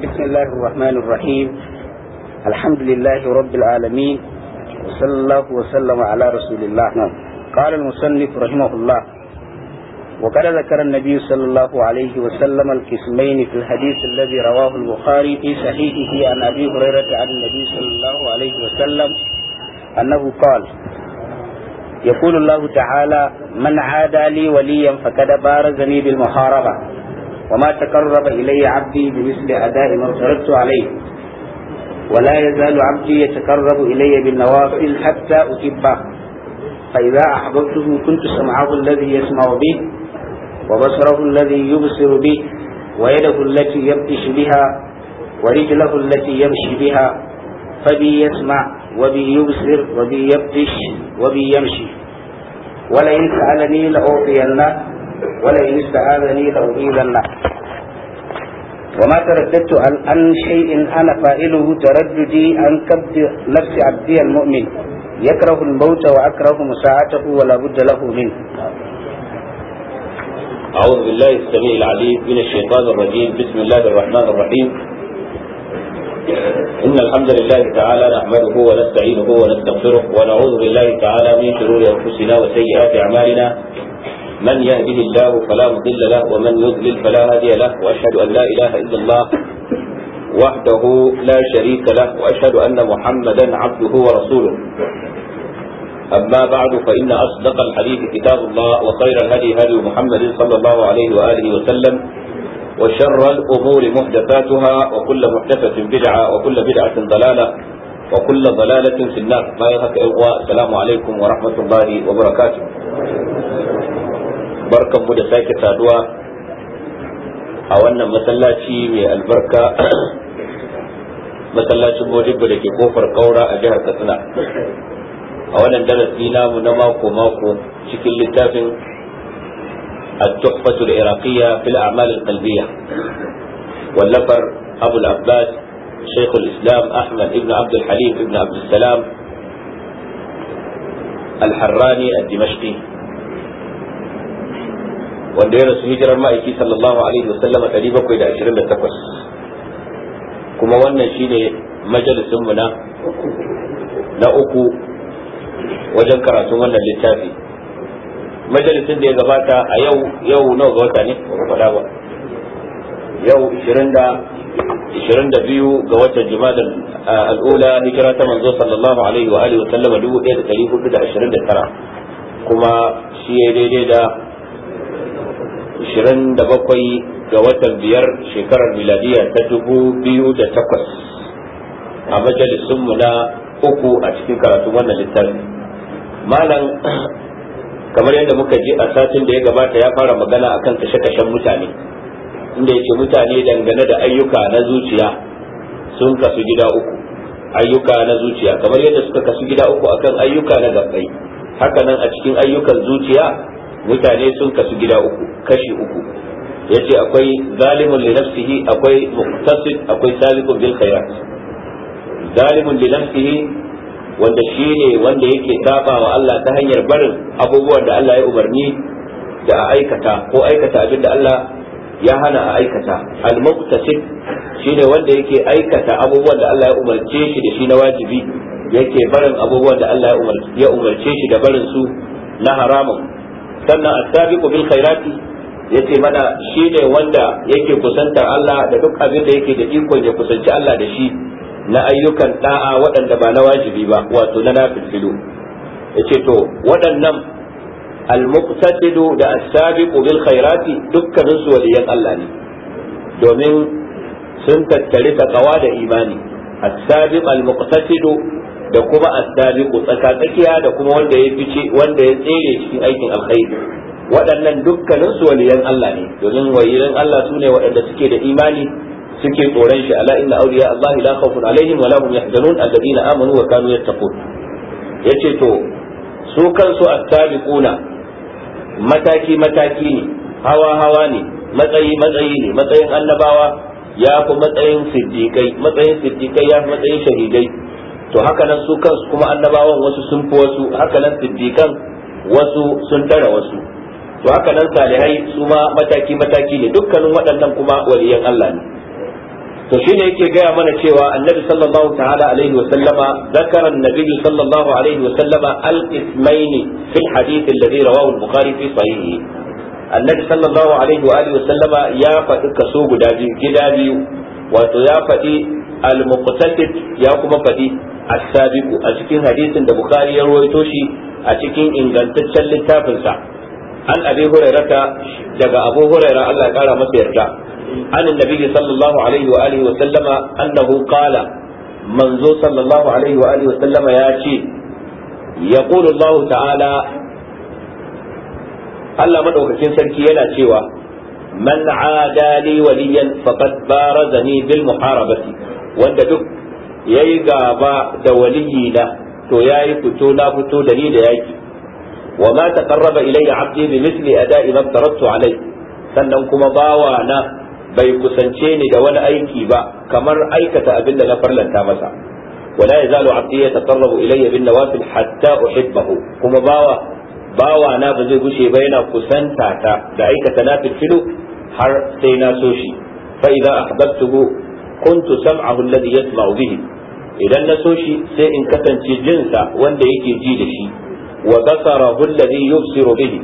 بسم الله الرحمن الرحيم الحمد لله رب العالمين وصلى الله وسلم على رسول الله نعم. قال المصنف رحمه الله وقد ذكر النبي صلى الله عليه وسلم القسمين في الحديث الذي رواه البخاري في صحيحه عن ابي هريره عن النبي صلى الله عليه وسلم انه قال يقول الله تعالى من عادى لي وليا فقد بارزني بالمحاربه وما تقرب إلي عبدي بمثل أداء ما افترضت عليه ولا يزال عبدي يتقرب إلي بالنوافل حتى أحبه فإذا أحببته كنت سمعه الذي يسمع به وبصره الذي يبصر به ويده التي يبطش بها ورجله التي يمشي بها فبي يسمع وبي يبصر وبي يبطش وبي يمشي ولئن سألني لأعطينه ولئن استعاذني له وما ترددت عن أن شيء أنا فائله ترددي ان كبد نفس عبدي المؤمن يكره الموت وأكره مساعته ولا بد له منه أعوذ بالله السميع العليم من الشيطان الرجيم بسم الله الرحمن الرحيم إن الحمد لله تعالى نحمده ونستعينه ونستغفره ونعوذ بالله تعالى من شرور أنفسنا وسيئات أعمالنا من يهده الله فلا مضل له ومن يضلل فلا هادي له واشهد ان لا اله الا الله وحده لا شريك له واشهد ان محمدا عبده ورسوله اما بعد فان اصدق الحديث كتاب الله وخير الهدي هدي محمد صلى الله عليه واله وسلم وشر الامور محدثاتها وكل محدثه بدعه وكل بدعه ضلاله وكل ضلالة في النار السلام عليكم ورحمة الله وبركاته Barkan mu da sake saduwa a wannan masallaci mai albarka masallacin mojibba da ke kofar kaura a jihar katsina a wannan darasi namu na mako-mako cikin littafin التحفة العراقية في الأعمال القلبية واللفر أبو العباس شيخ الإسلام أحمد ابن عبد الحليم ابن عبد السلام الحراني الدمشقي wanda ya rasu hijirar ma'aiki sallallahu alaihi wa da 728 kuma wannan shine majalisin mu na na uku wajen karatun wannan littafi majalisin da ya gabata a yau yau nawa ga wata ne ba faɗa ba yau ishirin da 22 ga watan Jumadal al'ula hijira ta manzo sallallahu alaihi wa alihi wa sallama 1429 kuma shi ya daidai da 27 ga watan biyar shekarar miladiya ta 2008 a majalisunmu na uku a cikin karatun wannan littafi malam kamar yadda muka ji a satin da ya gabata ya fara magana a kan kashe-kashen mutane inda ya ce mutane dangane da ayyuka na zuciya sun kasu gida uku ayyuka na zuciya kamar yadda suka kasu gida uku akan ayyuka na gabbai hakanan a cikin ayyukan zuciya mutane sun kasu gida uku kashi uku yace akwai zalimun li nafsihi akwai muqtasid akwai sabiqun bil khairat zalimun li nafsihi wanda shine wanda yake saba wa Allah ta hanyar barin abubuwan da Allah ya umarni da a aikata ko aikata abin da Allah ya hana a aikata al muqtasid shine wanda yake aikata abubuwan da Allah ya umarce shi da shi na wajibi yake barin abubuwan da Allah ya umarce shi da barin su na haramun sannan as-sabiqu bil khairati yace mana shi ne wanda yake kusantar Allah da duk abin da yake da ikon ya kusanci Allah da shi na ayyukan da'a waɗanda ba na wajibi ba wato na nafilfilu yace to waɗannan al-muqtadidu da as-sabiqu bil khairati dukkanin su waliyan Allah ne domin sun tattare takawa da imani as al-muqtadidu da kuma as-sabiqu da kuma wanda ya fice wanda ya tsere cikin aikin alkhairi waɗannan dukkanin su waliyan Allah ne domin waliyan Allah sune waɗanda suke da imani suke tsoron shi ala inna awliya Allah la khawfun alaihim wa lahum yahzanun alladheena amanu wa kanu yattaqun yace to su kansu as mataki mataki ne hawa hawa ne matsayi matsayi ne matsayin annabawa ya fi matsayin siddiqai matsayin siddiqai ya fi matsayin shahidai to haka nan su kansu kuma annabawan wasu sun fi wasu haka nan siddiqan wasu sun tara wasu to haka nan salihai su ma mataki mataki ne dukkanin waɗannan kuma waliyan Allah ne to shine yake gaya mana cewa annabi sallallahu ta'ala alaihi wa sallama zakara annabi sallallahu alaihi wa sallama al-ismayn fi hadith alladhi rawahu al-bukhari fi sahihi annabi sallallahu alaihi wa alihi wa sallama ya faɗi kaso guda biyu gida biyu wato ya faɗi al-muqtasid ya kuma faɗi as-sabiqu a cikin hadisin da bukhari ya rawaito shi a cikin ingantaccen littafin sa an abi hurairata daga abu hurairah Allah ya kara masa yarda an annabi sallallahu alaihi wa alihi wa sallama annahu qala manzo sallallahu alaihi wa alihi wa sallama ya ce yaqulu Allah ta'ala Allah madaukakin sarki yana cewa man adali waliyan faqad barazani bil muharabati wanda duk yayi gaba da waliyi na to yayi fito na fito da ni da yaki wa ma taqarraba ilayya 'abdi bi mithli ada'i ma tarattu alayhi sannan kuma bawa na bai kusance ni da wani aiki ba kamar aikata abinda na farlanta masa wala yazalu 'abdi yataqarrabu ilayya bin nawafil hatta uhibbahu kuma bawa bawa na ba zai gushe ba yana kusanta ta da aikata nafil filu har sai na so shi fa idza ahbabtuhu kuntu sam'ahu alladhi yasma'u bihi idan na so shi sai in kasance jinsa wanda yake ji da shi wa basarahu alladhi yubsiru bihi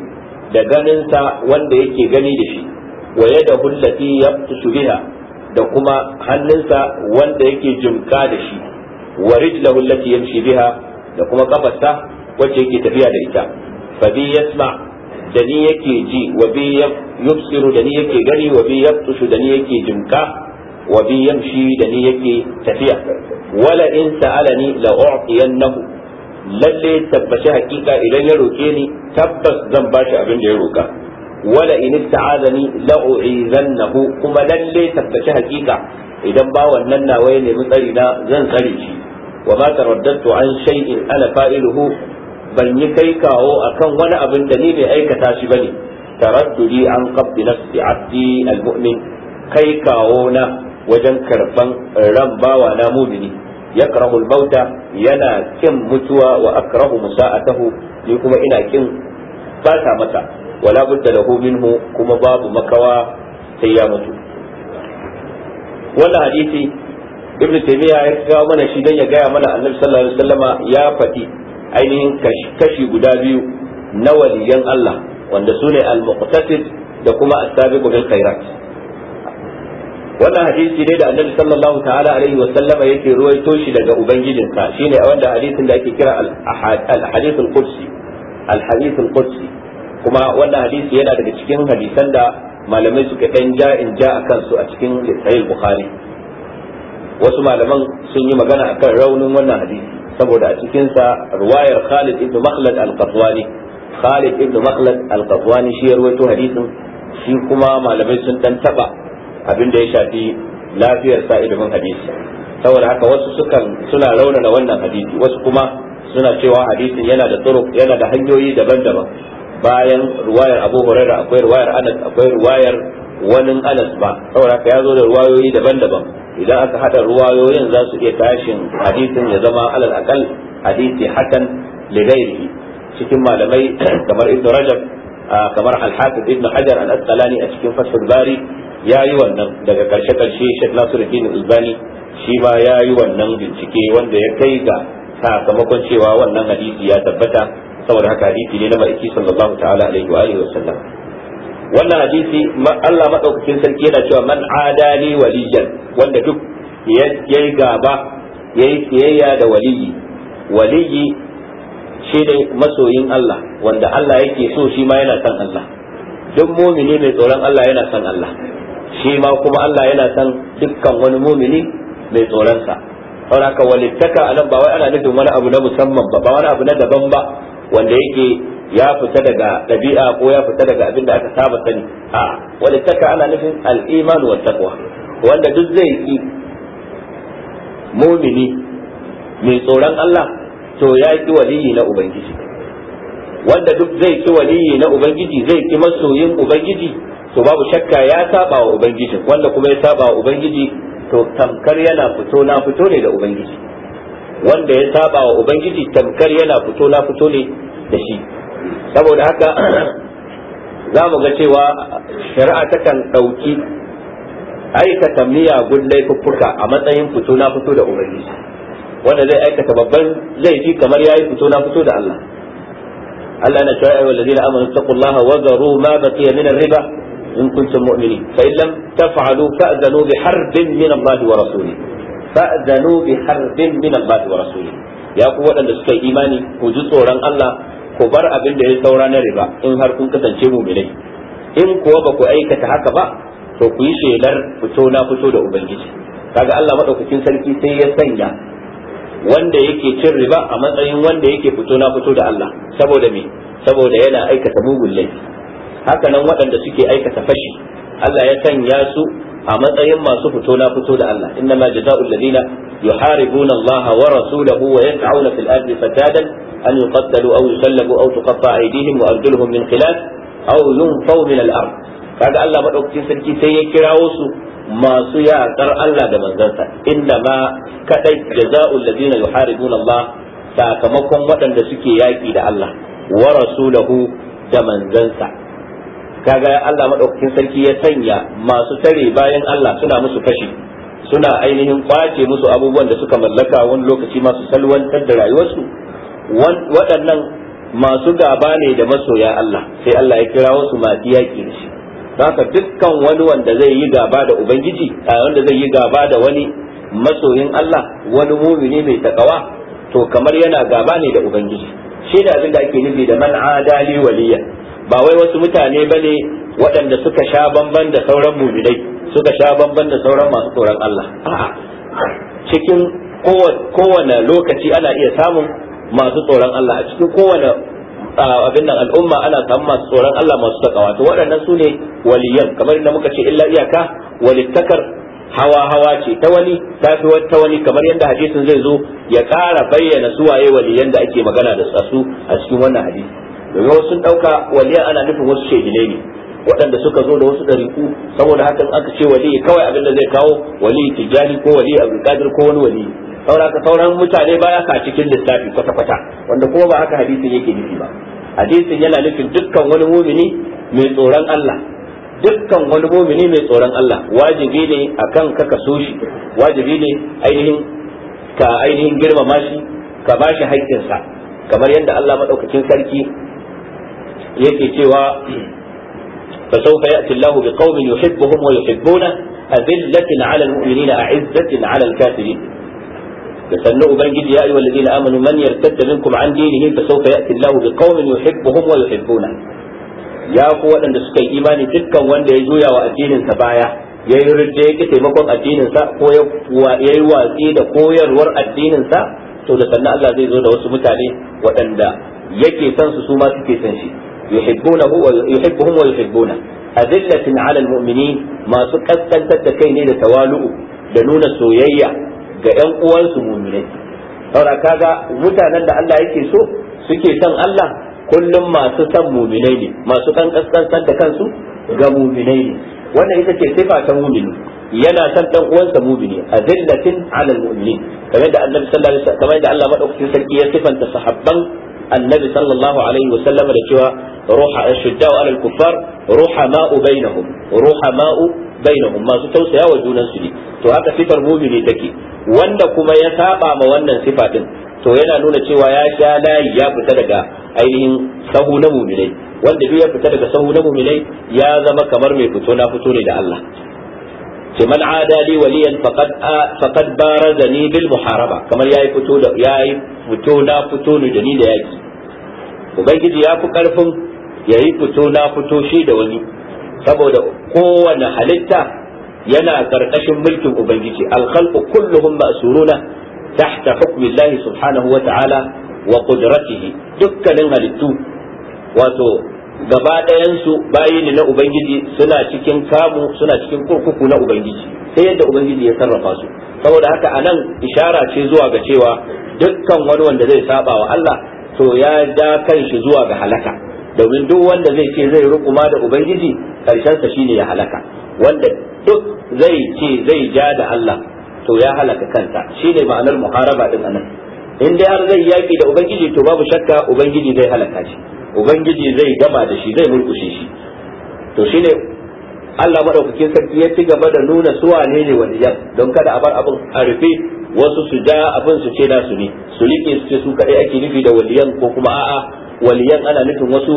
da ganinsa wanda yake gani da shi wa yadahu allati yabtashu biha da kuma hannunsa wanda yake jimka da shi wa rijlahu allati yamshi biha da kuma kafarsa wacce yake tafiya da ita fa bi yasma' da ni yake ji wa bi yubsiru da ni yake gani wa bi yabtushu da ni yake jimka wa bi yamshi da ni yake tafiya wala in sa'alani la u'tiyannahu lalle tabbashi hakika idan ya roke ni tabbas zan bashi abin da ya roka wala in ista'azani la u'izannahu kuma lalle tabbashi hakika idan ba wannan nawa ya nemi tsari na zan tsare shi wa ma taraddatu an shay'in ana fa'iluhu ban yi kai kawo akan wani abin da ni bai aikata shi ba bane taraddudi an qabdi nafsi abdi almu'min kai kawo na wajen karban ran bawa na mumini yakrahu almauta yana kin mutuwa wa akrahu musa'atahu ni kuma ina kin fata mata wala budda lahu minhu kuma babu makawa sai ya mutu wannan hadisi ibnu taymiya ya kawo mana shi dan ya gaya mana annabi sallallahu alaihi wasallama ya fati. ainihin kashi guda biyu na waliyan Allah wanda su ne al-muqtasid da kuma as-sabiqu bil khairat wannan hadisi ne da annabi sallallahu ta'ala alaihi wa sallama yake ruwaito shi daga ubangijinsa shine wanda hadisin da ake kira al-hadith al-qudsi al-hadith al-qudsi kuma wannan hadisi yana daga cikin hadisan da malamai suka dan ja in ja akan su a cikin sahih bukhari wasu malaman sun yi magana akan raunin wannan hadisi saboda a cikin sa ruwayar Khalid ibn Makhlad al-Qatwani Khalid ibn Makhlad al-Qatwani shi ya rawaito hadisin shi kuma malamai sun dan taba abin da ya shafi lafiyar sa ilimin hadisi saboda haka wasu sukan suna raunana wannan hadisi wasu kuma suna cewa hadisin yana da turuq yana da hanyoyi daban-daban bayan ruwayar Abu Hurairah akwai ruwayar Anas akwai ruwayar wani alas ba saboda ya zo da ruwayoyi daban-daban idan aka hada ruwayoyin za su iya tashin hadisin ya zama alal akal hadisi hakan ligairihi cikin malamai kamar ibnu rajab kamar al-hafiz ibnu hajar al-asqalani a cikin fathul bari ya yi wannan daga karshe karshe shek nasiruddin albani shi ma ya yi wannan bincike wanda ya kai ga sakamakon cewa wannan hadisi ya tabbata saboda haka hadisi ne na ma'aiki sallallahu ta'ala alaihi wa alihi wa sallam wannan hadisi Allah madaukakin sarki yana cewa man adali waliyan wanda duk yayi gaba yayi siyayya da waliyi waliyi shi ne masoyin Allah wanda Allah yake so shi ma yana son Allah duk mumini mai tsoron Allah yana son Allah shi ma kuma Allah yana son dukkan wani mumini mai tsoron sa saboda walittaka a nan ba wai ana nufin wani abu na musamman ba ba wani abu na daban ba wanda yake ya fita daga ɗabi'a ko ya fita daga abin da aka saba sani a wanda taka ana nufin al'iman wa taqwa wanda duk zai yi mumini mai tsoron Allah to ya yi waliyi na ubangiji wanda duk zai ki waliyi na ubangiji zai ki masoyin ubangiji to babu shakka ya saba wa ubangiji wanda kuma ya saba wa ubangiji to tamkar yana fito na fito ne da ubangiji wanda ya saba wa ubangiji tamkar yana fito na fito ne da shi saboda haka za mu ga cewa shari'a takan ɗauki aikata miyagun laifuffuka a matsayin fito na fito da ubangiji wanda zai aikata babban laifi kamar yayi fito na fito da Allah Allah na cewa ayyuhal ladina amanu taqullaha wa zaru ma baqiya min riba in kuntum mu'minin fa in taf'alu fa'zanu bi harbin min Allah wa rasulihi fa'zanu bi harbin min Allah wa rasuli ya ku waɗanda suka yi imani ku ji tsoron Allah ku bar abin da ya saura na riba in har kun kasance mu'minai in kuwa ba ku aikata haka ba to ku yi shelar fito na fito da ubangiji kaga Allah madaukakin sarki sai ya sanya wanda yake cin riba a matsayin wanda yake fito na fito da Allah saboda me saboda yana aikata mugun laifi haka nan waɗanda suke aikata fashi Allah ya sanya su a matsayin masu fito na fito da Allah inna ma jazaa'ul ladina yuharibuna Allah wa rasulahu wa yas'una fil ardi fasadan an yuqaddalu aw yusallabu aw tuqatta aydihim wa arjuluhum min khilaf aw yunfaw min al ard kaga Allah madaukakin sarki sai ya kirawo su masu yaƙar Allah da manzansa inda ma kadai jaza'ul ladina yuharibuna Allah sakamakon waɗanda suke yaƙi da Allah wa rasulahu da manzansa kaga Allah madaukakin sarki ya sanya masu tare bayan Allah suna musu kashi suna ainihin kwace musu abubuwan da suka mallaka wani lokaci masu salwantar da rayuwarsu waɗannan masu gaba ne da masoya Allah sai Allah ya kira wasu masu yaƙi da shi haka dukkan wani wanda zai yi gaba da ubangiji wanda zai yi gaba da wani masoyin Allah wani mumini mai takawa to kamar yana gaba ne da ubangiji shi da abin da ake nufi da man adali waliya ba wai wasu mutane ba ne waɗanda suka sha bamban da sauran mujidai suka sha bamban da sauran masu tsoron Allah cikin kowane lokaci ana iya samun masu tsoron Allah a cikin kowane abin nan al'umma ana samun masu tsoron Allah masu takawa to waɗannan su ne waliyan kamar inda muka ce illa iyaka walittakar hawa hawa ce ta wani ta fi ta wani kamar yadda hadisin zai zo ya ƙara bayyana suwaye waye waliyan da ake magana da su a cikin wannan hadisi domin wasu sun dauka waliya ana nufin wasu shehine ne waɗanda suka zo da wasu ɗariku saboda haka aka ce wali kawai abin da zai kawo wali tijjani ko wali kadir ko wani wali saura sauran mutane baya ka cikin lissafi kwata kwata wanda kuma ba haka hadisin yake nufi ba hadisin yana nufin dukkan wani mumini mai tsoron Allah dukkan wani mumini mai tsoron Allah wajibi ne akan ka kaso shi wajibi ne ainihin ka ainihin girmama shi ka bashi haƙƙinsa kamar yadda Allah madaukakin sarki yake cewa fa sawfa ya'ti Allahu bi qaumin yuhibbuhum wa yuhibbuna adillatin 'ala al-mu'minina a'izzatin 'ala al-kafirin da sannu ubangiji ya ayyuhal ladina amanu man yartadda minkum 'an dinihi fa sawfa ya'ti Allahu bi qaumin yuhibbuhum wa yuhibbuna ya ku waɗanda suka yi imani dukkan wanda ya juya wa addininsa baya ya yi ridda ya ki taimakon addininsa ko ya yi watsi da koyarwar addininsa to da sannan Allah zai zo da wasu mutane waɗanda yake san su suke san yuhibbunahu wa yuhibbuhum wa yuhibbuna adillatin da kai ne da tawalu'u da nuna soyayya ga ƴan uwansu mu'minai saboda mutanen da Allah yake so suke son Allah kullum masu son mu'minai ne masu kan kaskantar da kansu ga mu'minai ne wannan ita ce sifa ta mu'mini yana son dan uwansa mu'mini azillatin 'ala almu'minin kamar da da Allah madaukakin sarki ya sifanta sahabban annabi sallallahu alaihi wa sallama da cewa shidda ashuddau alal kuffar ruha ma'u masu tausaya wa junan ne to haka sifar mumini take wanda kuma ya saɓa ma wannan sifa din to yana nuna cewa ya sha layi ya fita daga ainihin sahu na muminai wanda duk ya fita daga sahu na muminai ya zama kamar mai fito na fito ne da Allah ce man adali waliyan faqad faqad barazani bil muharaba kamar yayi fito da yayi fito na fito ni da ni da yaki ubangiji ya fi karfin yayi fito na fito shi da wani saboda kowane halitta yana karkashin mulkin ubangiji al khalqu kulluhum ma'suruna tahta hukmi Allah subhanahu wa ta'ala wa qudratihi dukkanin halittu wato gaba ɗayansu bayi ne na ubangiji suna cikin kamu suna cikin kurkuku na ubangiji sai yadda ubangiji ya sarrafa su saboda haka anan ishara ce zuwa ga cewa dukkan wani wanda zai saba wa Allah to ya ja kan zuwa ga halaka domin duk wanda zai ce zai rukuma da ubangiji shi shine ya halaka wanda duk zai ce zai ja da Allah to ya halaka kansa shine ma'anar muharaba din anan in dai har zai yaki da ubangiji to babu shakka ubangiji zai halaka shi ubangiji zai gama da shi zai murkushe shi to shine Allah madaukakin sarki ya ci gaba da nuna su wane ne waliyan don kada a bar abin a rufe wasu su ja abin su ce na su ne su rike su ce su kaɗai ake nufi da waliyan ko kuma a'a waliyan ana nufin wasu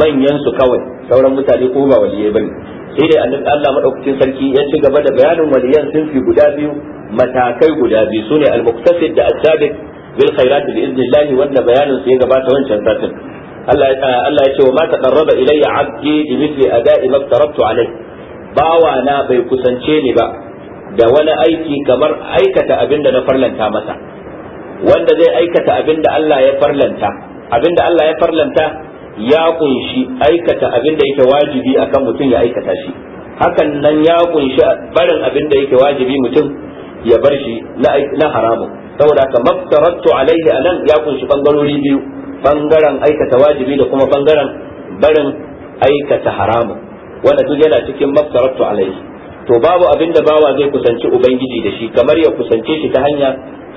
manyan su kawai sauran mutane ko ba waliyai bane sai dai annabi Allah madaukakin sarki ya ci gaba da bayanin waliyan sun fi guda biyu matakai guda biyu sune al-muqtasid da al sabiq bil khairat bi idnillah wanda bayanin su ya gabata wancan satin Allah ya ce wa ma taqarraba ilayya 'abdi bi mithli ada'i ma tarattu bawa na bai kusance ni ba da wani aiki kamar aikata abinda na farlanta masa wanda zai aikata abinda Allah ya farlanta abinda Allah ya farlanta ya kunshi aikata abin abinda yake wajibi akan mutum ya aikata shi hakan nan ya kunshi barin abin abinda yake wajibi mutum ya bar shi na haramun saboda haka maftaratu alaihi anan ya kunshi bangarori biyu bangaren aikata wajibi da kuma bangaren barin aikata haramun wanda duk yana cikin maftaratu alaihi to babu abin da bawa zai kusanci ubangiji da shi kamar ya kusance shi ta hanya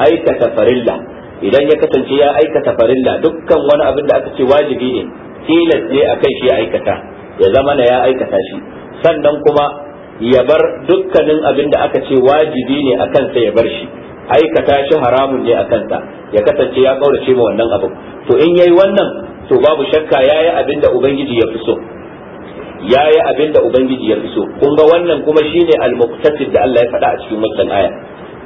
aikata farilla idan ya kasance ya aikata farilla dukkan wani abin da aka ce wajibi ne tilas ne akan shi ya aikata ya zama na ya aikata shi sannan kuma ya bar dukkanin abin da aka ce wajibi ne a kansa ya bar shi aikata shi haramun ne a kansa ya kasance ya kaurace ma wannan abin to in yayi wannan to babu shakka yayi abin da ubangiji ya fi so yayi abin da ubangiji ya fi so kun ga wannan kuma shine al-muqtasid da Allah ya faɗa a cikin wannan aya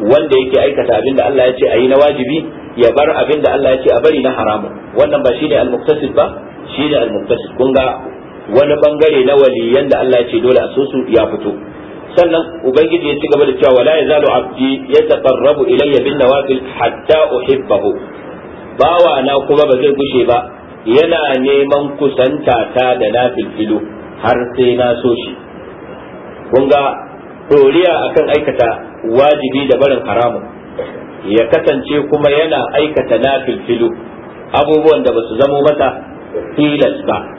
wanda yake aikata abin da Allah ya ce ayi na wajibi ya bar abin da Allah ya ce a bari na haramun wannan ba shine al-muqtasid ba shine al-muqtasid kun ga wani bangare na waliyan da Allah ya ce dole a so su ya fito sannan ubangiji ya ci gaba da cewa wala yazalu abdi yataqarrabu ilayya bin nawafil hatta uhibbahu bawa na kuma ba zai gushe ba yana neman kusanta ta da nafilfilu har sai na so shi kun ga doriya akan aikata wajibi da barin haramun ya kasance kuma yana aikata nafilfilu abubuwan da ba su zamo mata tilas ba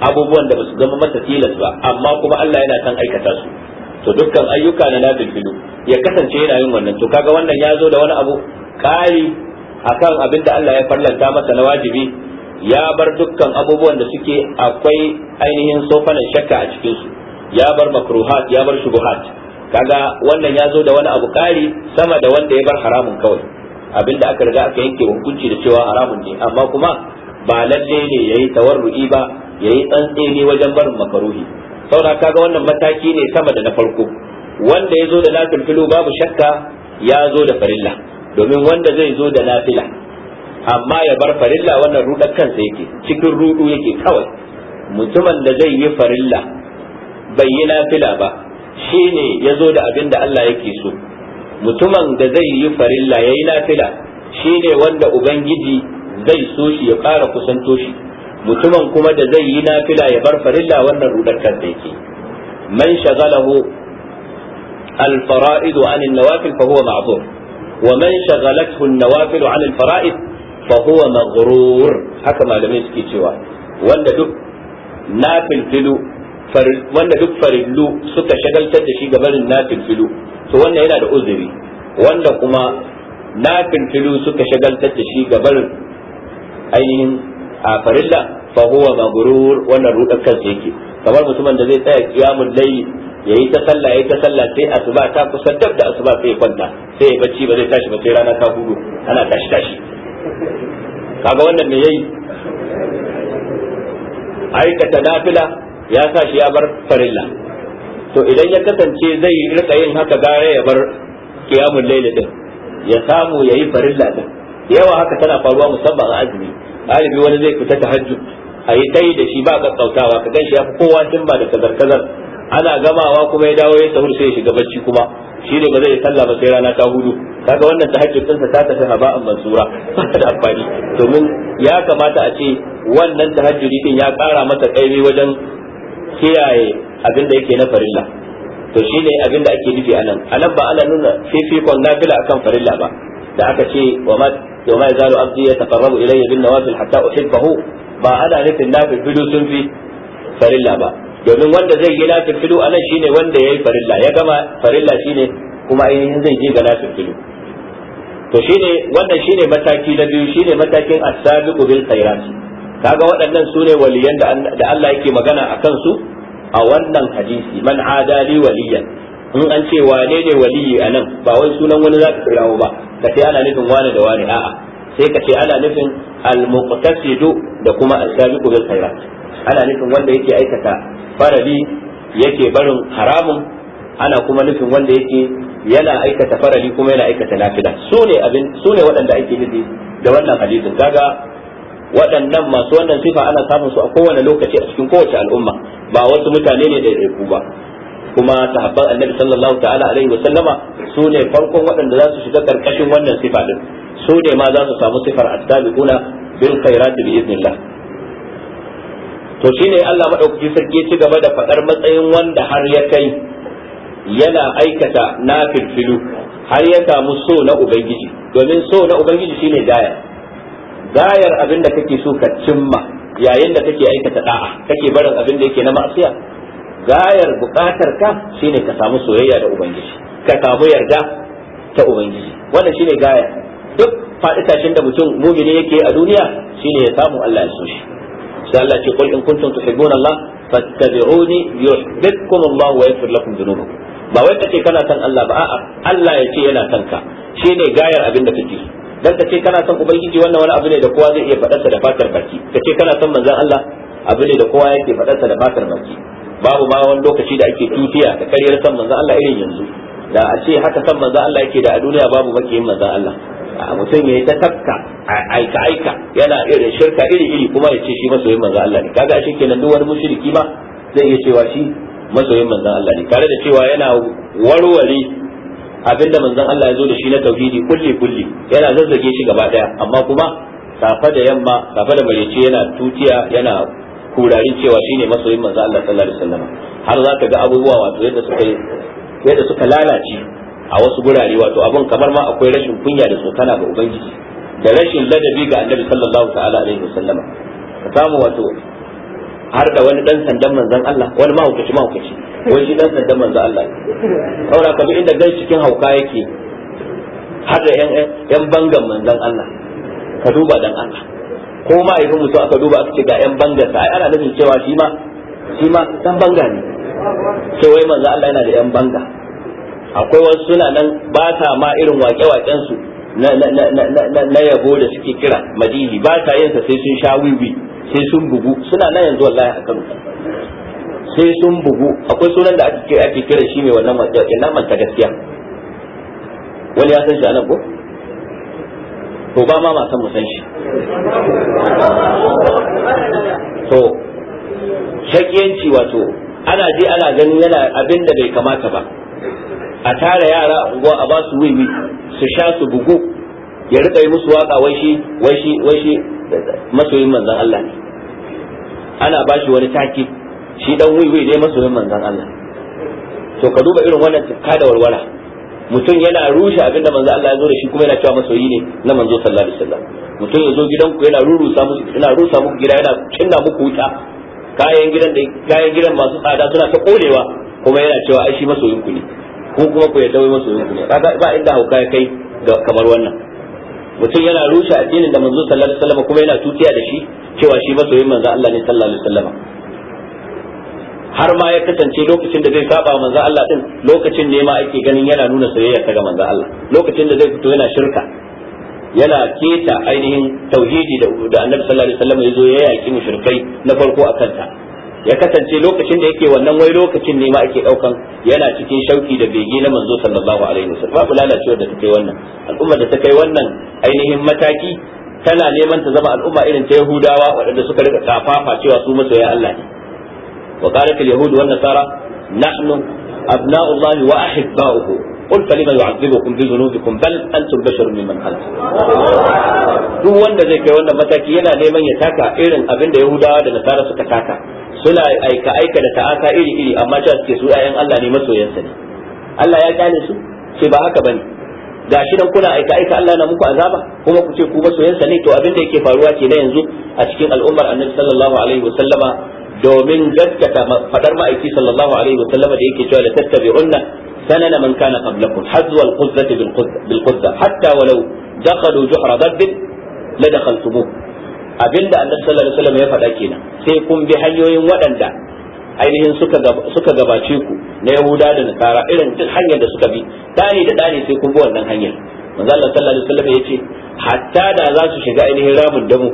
abubuwan da basu zama masa tilas ba amma kuma Allah yana san aikata su to dukkan ayyuka na nafilu ya kasance yana yin wannan to kaga wannan ya zo da wani abu kari akan abin da Allah ya farlanta masa na wajibi ya bar dukkan abubuwan da suke akwai ainihin sofanan shakka a cikin su ya bar makruhat ya bar shubuhat kaga wannan ya zo da wani abu kari sama da wanda ya bar haramun kawai abin da aka riga aka yanke hukunci da cewa haramun ne amma kuma ba lalle ne yayi tawarru'i ba yayi tsantseni wajen barin makaruhi saboda kaga wannan mataki ne sama da na farko wanda ya zo da lafil filo babu shakka ya zo da farilla domin wanda zai zo da nafila amma ya bar farilla wannan rudar kansa yake cikin rudu yake kawai mutumin da zai yi farilla bai yi nafila ba shine ya zo da abin da Allah yake so mutumin da zai yi farilla ya yi nafila shine wanda ubangiji zai so shi ya ƙara kusanto shi mutumin kuma da zai yi nafila ya bar farilla wannan rudar kansa yake man shagalahu al-fara'id an an-nawafil fa huwa ma'zur wa man shagalathu an-nawafil an al-fara'id fa huwa maghrur haka malamai suke cewa wanda duk nafilfilu wanda duk farillu suka shagaltar da shi gabanin nafilfilu to wannan yana da uzuri wanda kuma suka shagaltar da shi ainihin a farilla fa huwa maghrur wannan rudan kansa yake kamar mutumin da zai tsaya kiyamul layl yayi ta sallah yayi ta sallah sai asuba ta kusa da asuba sai ya kwanta sai ya bacci ba zai tashi ba sai rana ta gudu ana tashi tashi kaga wannan me yayi aikata nafila ya sa shi ya bar farilla to idan ya kasance zai rika yin haka gara ya bar kiyamul layl din ya samu yayi farilla din yawa haka tana faruwa musamman a azumi galibi wani zai fita hajju. a yi tayi da shi ba kakkautawa ka gan shi ya fi kowa ba da kazar kazar ana gamawa kuma ya dawo ya sahur sai ya shiga bacci kuma shi ne ba zai sallah ba sai rana ta hudu kaga wannan ta tahajjud ɗinsa ta tafi haba'an mansura da amfani domin ya kamata a ce wannan ta tahajjudi din ya kara masa kaimi wajen kiyaye abin da yake na farilla to shi ne abin da ake nufi anan anan ba ana nuna fifikon nafila akan farilla ba da aka ce wa ma wa ma yazalu abdi yataqarrabu ilayya bin nawafil hatta uhibbahu ba ana nufin nafil fidu sun fi farilla ba domin wanda zai yi nafil fidu anan shine wanda yayi farilla ya gama farilla shine kuma ainihin zai je ga nafil fidu to shine wannan shine mataki na biyu shine matakin as-sabiqu bil khairat kaga waɗannan su ne waliyan da Allah yake magana akan su a wannan hadisi man adali waliyan in an ce wane ne waliyi a nan ba wai sunan wani za ka kirawo ba ka ce ana nufin wane da wane a'a sai ka ce ana nufin al-muqtasidu da kuma al sabiqu bil khairat ana nufin wanda yake aikata farabi yake barin haramun ana kuma nufin wanda yake yana aikata farali kuma yana aikata nafila su ne abin su ne waɗanda ake nufi da wannan hadisin kaga waɗannan masu wannan sifa ana samun su a kowane lokaci a cikin kowace al'umma ba wasu mutane ne da ba kuma sahabban annabi sallallahu ta'ala alaihi wa sallama su ne farkon waɗanda za su shiga karkashin wannan sifa din su ne ma za su samu sifar as-sabiquna bil khairat bi idnillah to shine Allah madaukaki sarki ya ci gaba da faɗar matsayin wanda har ya kai yana aikata na filu har ya samu so na ubangiji domin so na ubangiji shine daya gayar abin da kake so ka cimma yayin da kake aikata da'a kake barin abin da yake na ma'asiya gayar bukatar ka shine ka samu soyayya da ubangiji ka samu yarda ta ubangiji wannan shine gaya duk faɗi tashin da mutum mumini yake a duniya shine ya samu Allah ya so shi sai Allah ce qul in kuntum tuhibbuna Allah fattabi'uni yuhibbukum Allah wa yaghfir lakum dhunubakum ba wai kace kana san Allah ba a'a Allah ya ce yana san ka shine gayar abin da kake dan kace kana san ubangiji wannan wani abu ne da kowa zai iya faɗarsa da fatar baki kace kana san manzon Allah abu ne da kowa yake faɗarsa da fatar baki babu ma wani lokaci da ake tutiya da karyar san manzon Allah irin yanzu da a ce haka san manzon Allah yake da a duniya babu makiyin manzon Allah a mutum ya yi ta tafka aika aika yana irin shirka iri iri kuma ya ce shi masoyin manzon Allah ne kaga shi kenan duk wani mushriki ma zai iya cewa shi masoyin manzon Allah ne tare da cewa yana warware abinda manzan Allah ya zo da shi na tauhidi kulli kulli yana zazzage shi gaba daya amma kuma safa da yamma safa da marece yana tutiya yana kurari cewa shine masoyin manzo Allah sallallahu alaihi wasallam har za ka ga abubuwa wato yadda suka yadda suka lalace a wasu gurare wato abun kamar ma akwai rashin kunya da tsokana ga ubangiji da rashin ladabi ga annabi sallallahu ta'ala alaihi wasallam ka samu wato har da wani dan sandan manzon Allah wani mahaukaci mahaukaci wani shi dan sandan manzon Allah saboda ka bi inda gan cikin hauka yake har da yan bangan manzon Allah ka duba dan Allah ko ma ma'aifin mutum aka duba aka ce ga yan a ai ana nufin cewa shi ma shi ma dan banga ne ce wai manzo Allah yana da yan banga akwai wasu suna nan ba ta ma irin wake-waken su na yabo da suke kira madini ba ta yin sa sai sun sha wiwi sai sun bugu suna nan yanzu wallahi a Kano sai sun bugu akwai sunan da ake kira shi mai wannan wake na manta gaskiya wani ya san shi anan ko to ba ma masan musan shi to shakiyanci wato ana je ana ganin yana abin da bai kamata ba a tara yara unguwa a ba su wiwi su sha su bugu ya riƙa yi musu waka wai shi wai shi wai shi masoyin manzan Allah ne ana ba shi wani taki shi dan wiwi ne masoyin manzan Allah to ka duba irin wannan tukka da mutum yana rushe abin da manzo Allah ya zo da shi kuma yana cewa masoyi ne na manzo sallallahu alaihi wasallam mutum ya zo gidanku yana rurusa musu yana rusa muku gida yana cinna muku wuta kayan gidan da kayan gidan masu tsada suna ta kolewa kuma yana cewa ai shi masoyin ku ne ko kuma ku yadda wai masoyin ku ne ba ba inda hauka ya kai ga kamar wannan mutum yana rushe addinin da manzo sallallahu alaihi wasallam kuma yana tutiya da shi cewa shi masoyin manzo Allah ne sallallahu alaihi wasallam har ma ya kasance lokacin da zai saba manzo Allah din lokacin ne ma ake ganin yana nuna soyayya ta ga manzo Allah lokacin da zai fito yana shirka yana keta ainihin tauhidi da da Annabi sallallahu alaihi wasallam ya zo ya yaki mushrikai na farko a kanta ya kasance lokacin da yake wannan wai lokacin ne ma ake daukan yana cikin shauki da bege na manzo sallallahu alaihi wasallam babu lalacewa da ta kai wannan al'ummar da ta kai wannan ainihin mataki tana neman ta zama al'umma irin ta Yahudawa waɗanda suka rika kafafa cewa su masoyan Allah ne وقالت اليهود والنصارى نحن أبناء الله وأحباؤه قل فلما يعذبكم بذنوبكم بل أنتم بشر ممن خلق duk wanda zai kai wannan mataki yana neman ya taka irin abin da Yahudawa da Nasara suka taka suna aika aika da ta'aka iri iri amma cewa suke su yayan Allah ne masoyansa ne Allah ya kyale su ce ba haka ba ne ga shi nan kuna aika aika Allah na muku azaba kuma ku ce ku masoyansa ne to abin da yake faruwa ke na yanzu a cikin al'ummar Annabi sallallahu domin gaskata fadar ma'aiki sallallahu alaihi wa sallama da yake cewa la tattabi'unna sanana man kana qablakum hazwa al-quzzati bil quzza hatta walau dakhalu juhra dabb la dakhaltumuh abinda annabi sallallahu alaihi wasallam ya faɗa kenan sai kun bi hanyoyin waɗanda ainihin suka suka gabace ku na yahuda da nasara irin duk hanyar da suka bi dani da dani sai kun bi wannan hanyar manzo Allah sallallahu alaihi ya ce, hatta da za su shiga ainihin ramin damu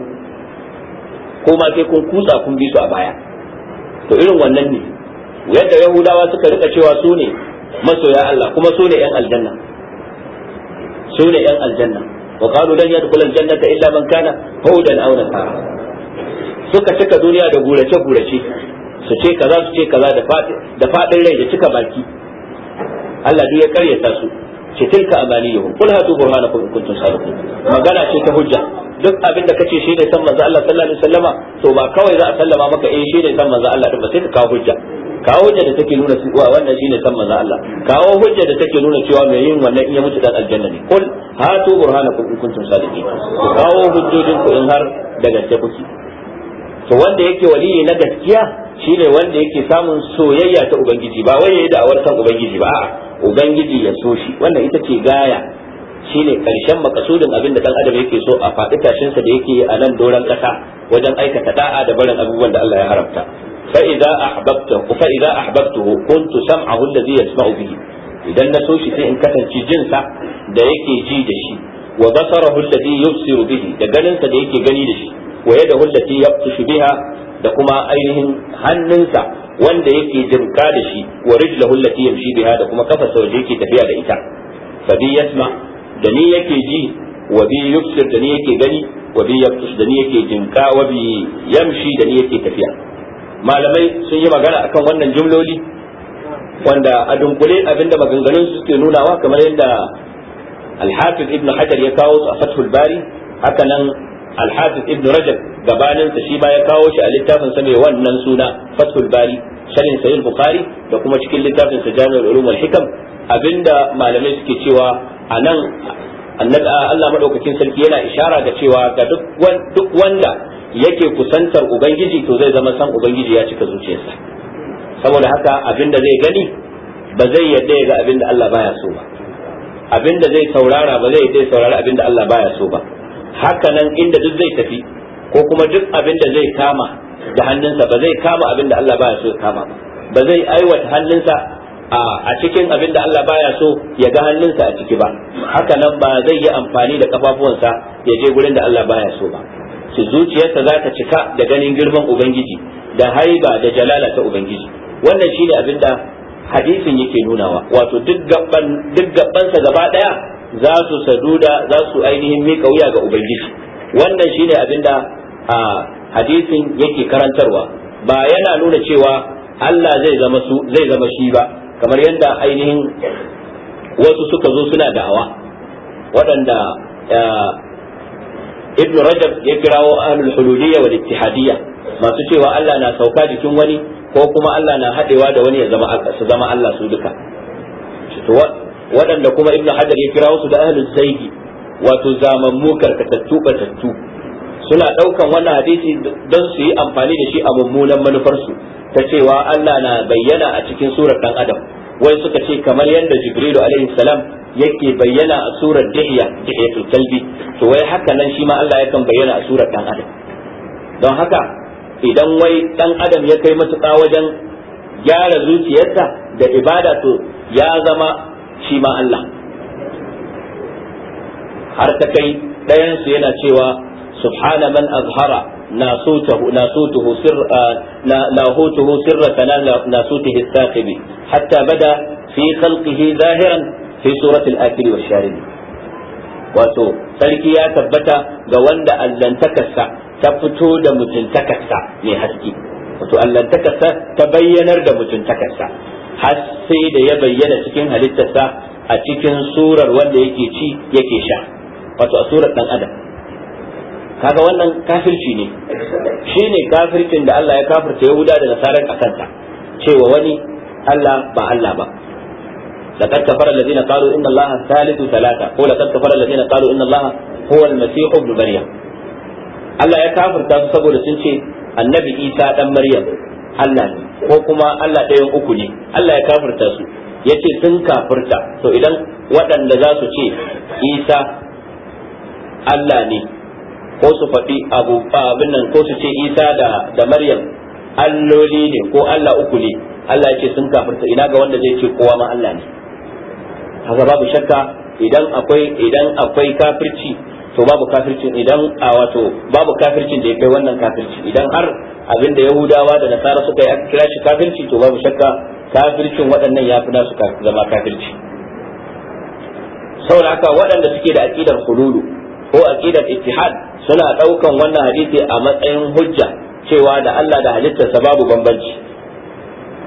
ko ma sai kun kusa kun bi su a baya to irin wannan ne yadda yahudawa suka rika cewa su ne masoya Allah kuma su ne 'yan aljanna su ne 'yan aljanna wa yadda lan yadkhul aljannata illa man kana hudan aw nasara suka cika duniya da gurace gurace su ce kaza su ce kaza da fadin rai da cika baki Allah duk ya karyata su ce tilka amaniyuhum kul hatu burhanakum in kuntum sadiqin magana ce ta hujja duk abin da kace shi ne san manzo Allah sallallahu alaihi wasallama to ba kawai za a sallama maka eh shi ne san manzo Allah din ba sai ka kawo hujja kawo hujja da take nuna cewa wannan ne san manzo Allah kawo hujja da take nuna cewa mai yin wannan iya mutu dan aljanna ne kul hatu burhanakum in kuntum sadiqin kawo hujjojin ku in har da gaske kuke to wanda yake waliyi na gaskiya shine wanda yake samun soyayya ta ubangiji ba wai yi da'awar san ubangiji ba a'a ubangiji ya so shi wannan ita ce gaya shine karshen makasudin abin da dan adam yake so a faɗi tashin da yake a nan doran kasa wajen aikata da'a da barin abubuwan da Allah ya haramta fa a ahbabtu fa idza kuntu sam'ahu alladhi yasma'u bihi idan na so shi sai in kasance jin sa da yake ji da shi wa basarahu alladhi yubsiru bihi da ganin sa da yake gani da shi wa yadahu allati yabtashu biha da kuma ainihin hannunsa wanda yake jinka da shi wa rijlahu allati yamshi biha da kuma kafa waje yake tafiya da ita fa bi yasma da ni yake ji wa bi yubsir da ni yake gani wa bi yabtus da ni yake jinka wa bi yamshi da ni yake tafiya malamai sun yi magana akan wannan jumloli wanda a dunkule abinda maganganun suke nunawa kamar yadda al-hafiz ibn hajar ya kawo a fathul bari haka nan al-hafiz ibn rajab gabanin sa shi ba ya kawo shi a littafin sa mai wannan suna fathul bari sharhin sahih bukhari da kuma cikin littafin sa jami'ul ulum wal hikam abinda malamai suke cewa anan annabi Allah madaukakin sarki yana ishara ga cewa ga duk wanda yake kusantar ubangiji to zai zama san ubangiji ya cika zuciyarsa saboda haka abinda zai gani ba zai yadda ya ga abinda Allah baya so ba abinda zai saurara ba zai yadda ya saurara abinda Allah baya so ba haka nan inda duk zai tafi ko kuma duk abin da zai kama da hannunsa ba zai kama abin da Allah baya so ya kama ba zai aiwata hannunsa a cikin abin da Allah baya so ya ga hannunsa a ciki ba haka nan ba zai yi amfani da kafafuwansa ya je gurin da Allah baya so ba su zuciyarsa za ta cika da ganin girman ubangiji da haiba da jalala ta ubangiji wannan shine abin da hadisin yake nunawa wato duk gaban duk gabansa gaba daya za su saduda za su ainihin mika wuya ga ubangiji wannan shine abinda a hadisin yake karantarwa ba yana nuna cewa Allah zai zama su zai zama shi ba kamar yadda ainihin wasu suka zo suna da'awa waɗanda ibn rajab ya kirawo ahlul hululiyya wal ittihadiyya masu cewa Allah na sauka jikin wani ko kuma Allah na haɗewa da wani ya zama su zama Allah su duka waɗanda kuma ibnu hajar ya kira su da ahlul zaigi wato zamammu karkatattu batattu suna ɗaukan wannan hadisi don su yi amfani da shi a mummunan manufarsu ta cewa Allah na bayyana a cikin surar dan adam wai suka ce kamar yadda jibrilu alaihi salam yake bayyana a surar dihiya dihiyatul kalbi to wai haka nan shi ma Allah yakan bayyana a surar dan adam don haka idan wai dan adam ya kai matuƙa wajen gyara zuciyarsa da ibada to ya zama shi ma Allah har ta kai ɗayan su yana cewa subhana man azhara na nasutuhu sirra nahutuhu hatta bada fi khalqihi zahiran fi surati al-akili wash-sharibi wato sarki ya tabbata ga wanda allantakarsa ta fito da mutuntakarsa mai haske wato allantakarsa ta bayyanar da mutuntakarsa har sai da ya bayyana cikin halittarsa a cikin surar wanda yake ci yake sha wato a surar dan adam kaga wannan kafirci ne shine kafircin da Allah ya kafirta Yahuda da nasaran kasanta cewa wani Allah ba Allah ba لقد كفر الذين قالوا إن الله ثالث ثلاثة ولقد كفر الذين قالوا إن الله هو المسيح ابن مريم Allah ya kafirta su saboda sun ce annabi Isa dan Maryam Allah ne ko kuma Allah ɗayan uku ne Allah ya kafirta su ce sun kafirta to idan waɗanda za su ce Isa Allah ne ko su faɗi abu abin nan ko su ce Isa da da Maryam alloli ne ko Allah uku ne Allah ya ce sun kafirta ina ga wanda zai ce kowa ma Allah ne haka babu shakka idan akwai kafirci to babu kafircin idan a wato babu kafircin da ya kai wannan kafirci idan har abin da yahudawa da nasara suka yi kira shi kafirci to babu shakka kafircin waɗannan ya fi nasu zama kafirci saboda haka waɗanda suke da aƙidar hululu ko aqidar ittihad suna ɗaukan wannan hadisi a matsayin hujja cewa da Allah da halittarsa babu bambanci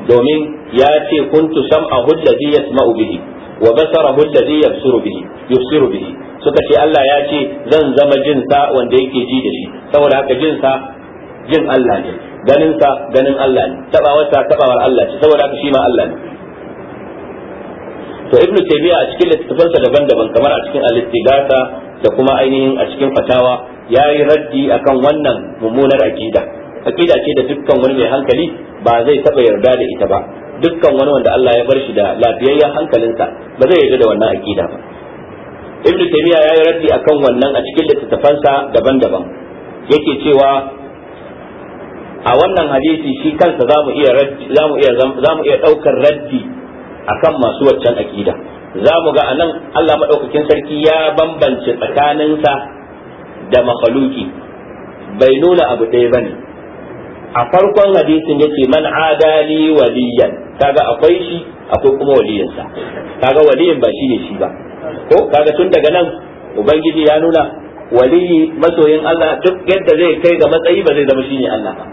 domin ya ce kuntu sam'a hujjati yasma'u bihi wa basarahu alladhi yabsuru bihi yubsiru bihi suka ce Allah ya ce zan zama jin sa wanda yake ji da shi saboda haka jin sa jin Allah ne ganin sa ganin Allah ne sa tabawar Allah ce saboda haka shi ma Allah ne to ibnu taymiya a cikin littafansa daban-daban kamar a cikin al-istighatha da kuma ainihin a cikin fatawa ya yi raddi akan wannan mummunar aqida aqida ce da dukkan wani mai hankali ba zai taba yarda da ita ba dukkan wani wanda Allah ya bar shi da lafiyayya hankalinsa ba zai yarda da wannan aqida ba ibnu taymiya ya yi raddi akan wannan a cikin littattafansa daban-daban yake cewa a wannan hadisi shi kansa zamu iya ɗaukar zamu iya zamu iya daukar raddi akan masu waccan aqida zamu mu ga anan Allah madaukakin sarki ya bambance tsakaninsa da makhluki bai nuna abu ɗaya bane a farkon hadisin yace man adali waliyan kaga akwai shi akwai kuma waliyinsa kaga waliyin ba shi ne shi ba ko kaga tun daga nan ubangiji ya nuna waliyi masoyin Allah duk yadda zai kai ga matsayi ba zai zama shi ne Allah ba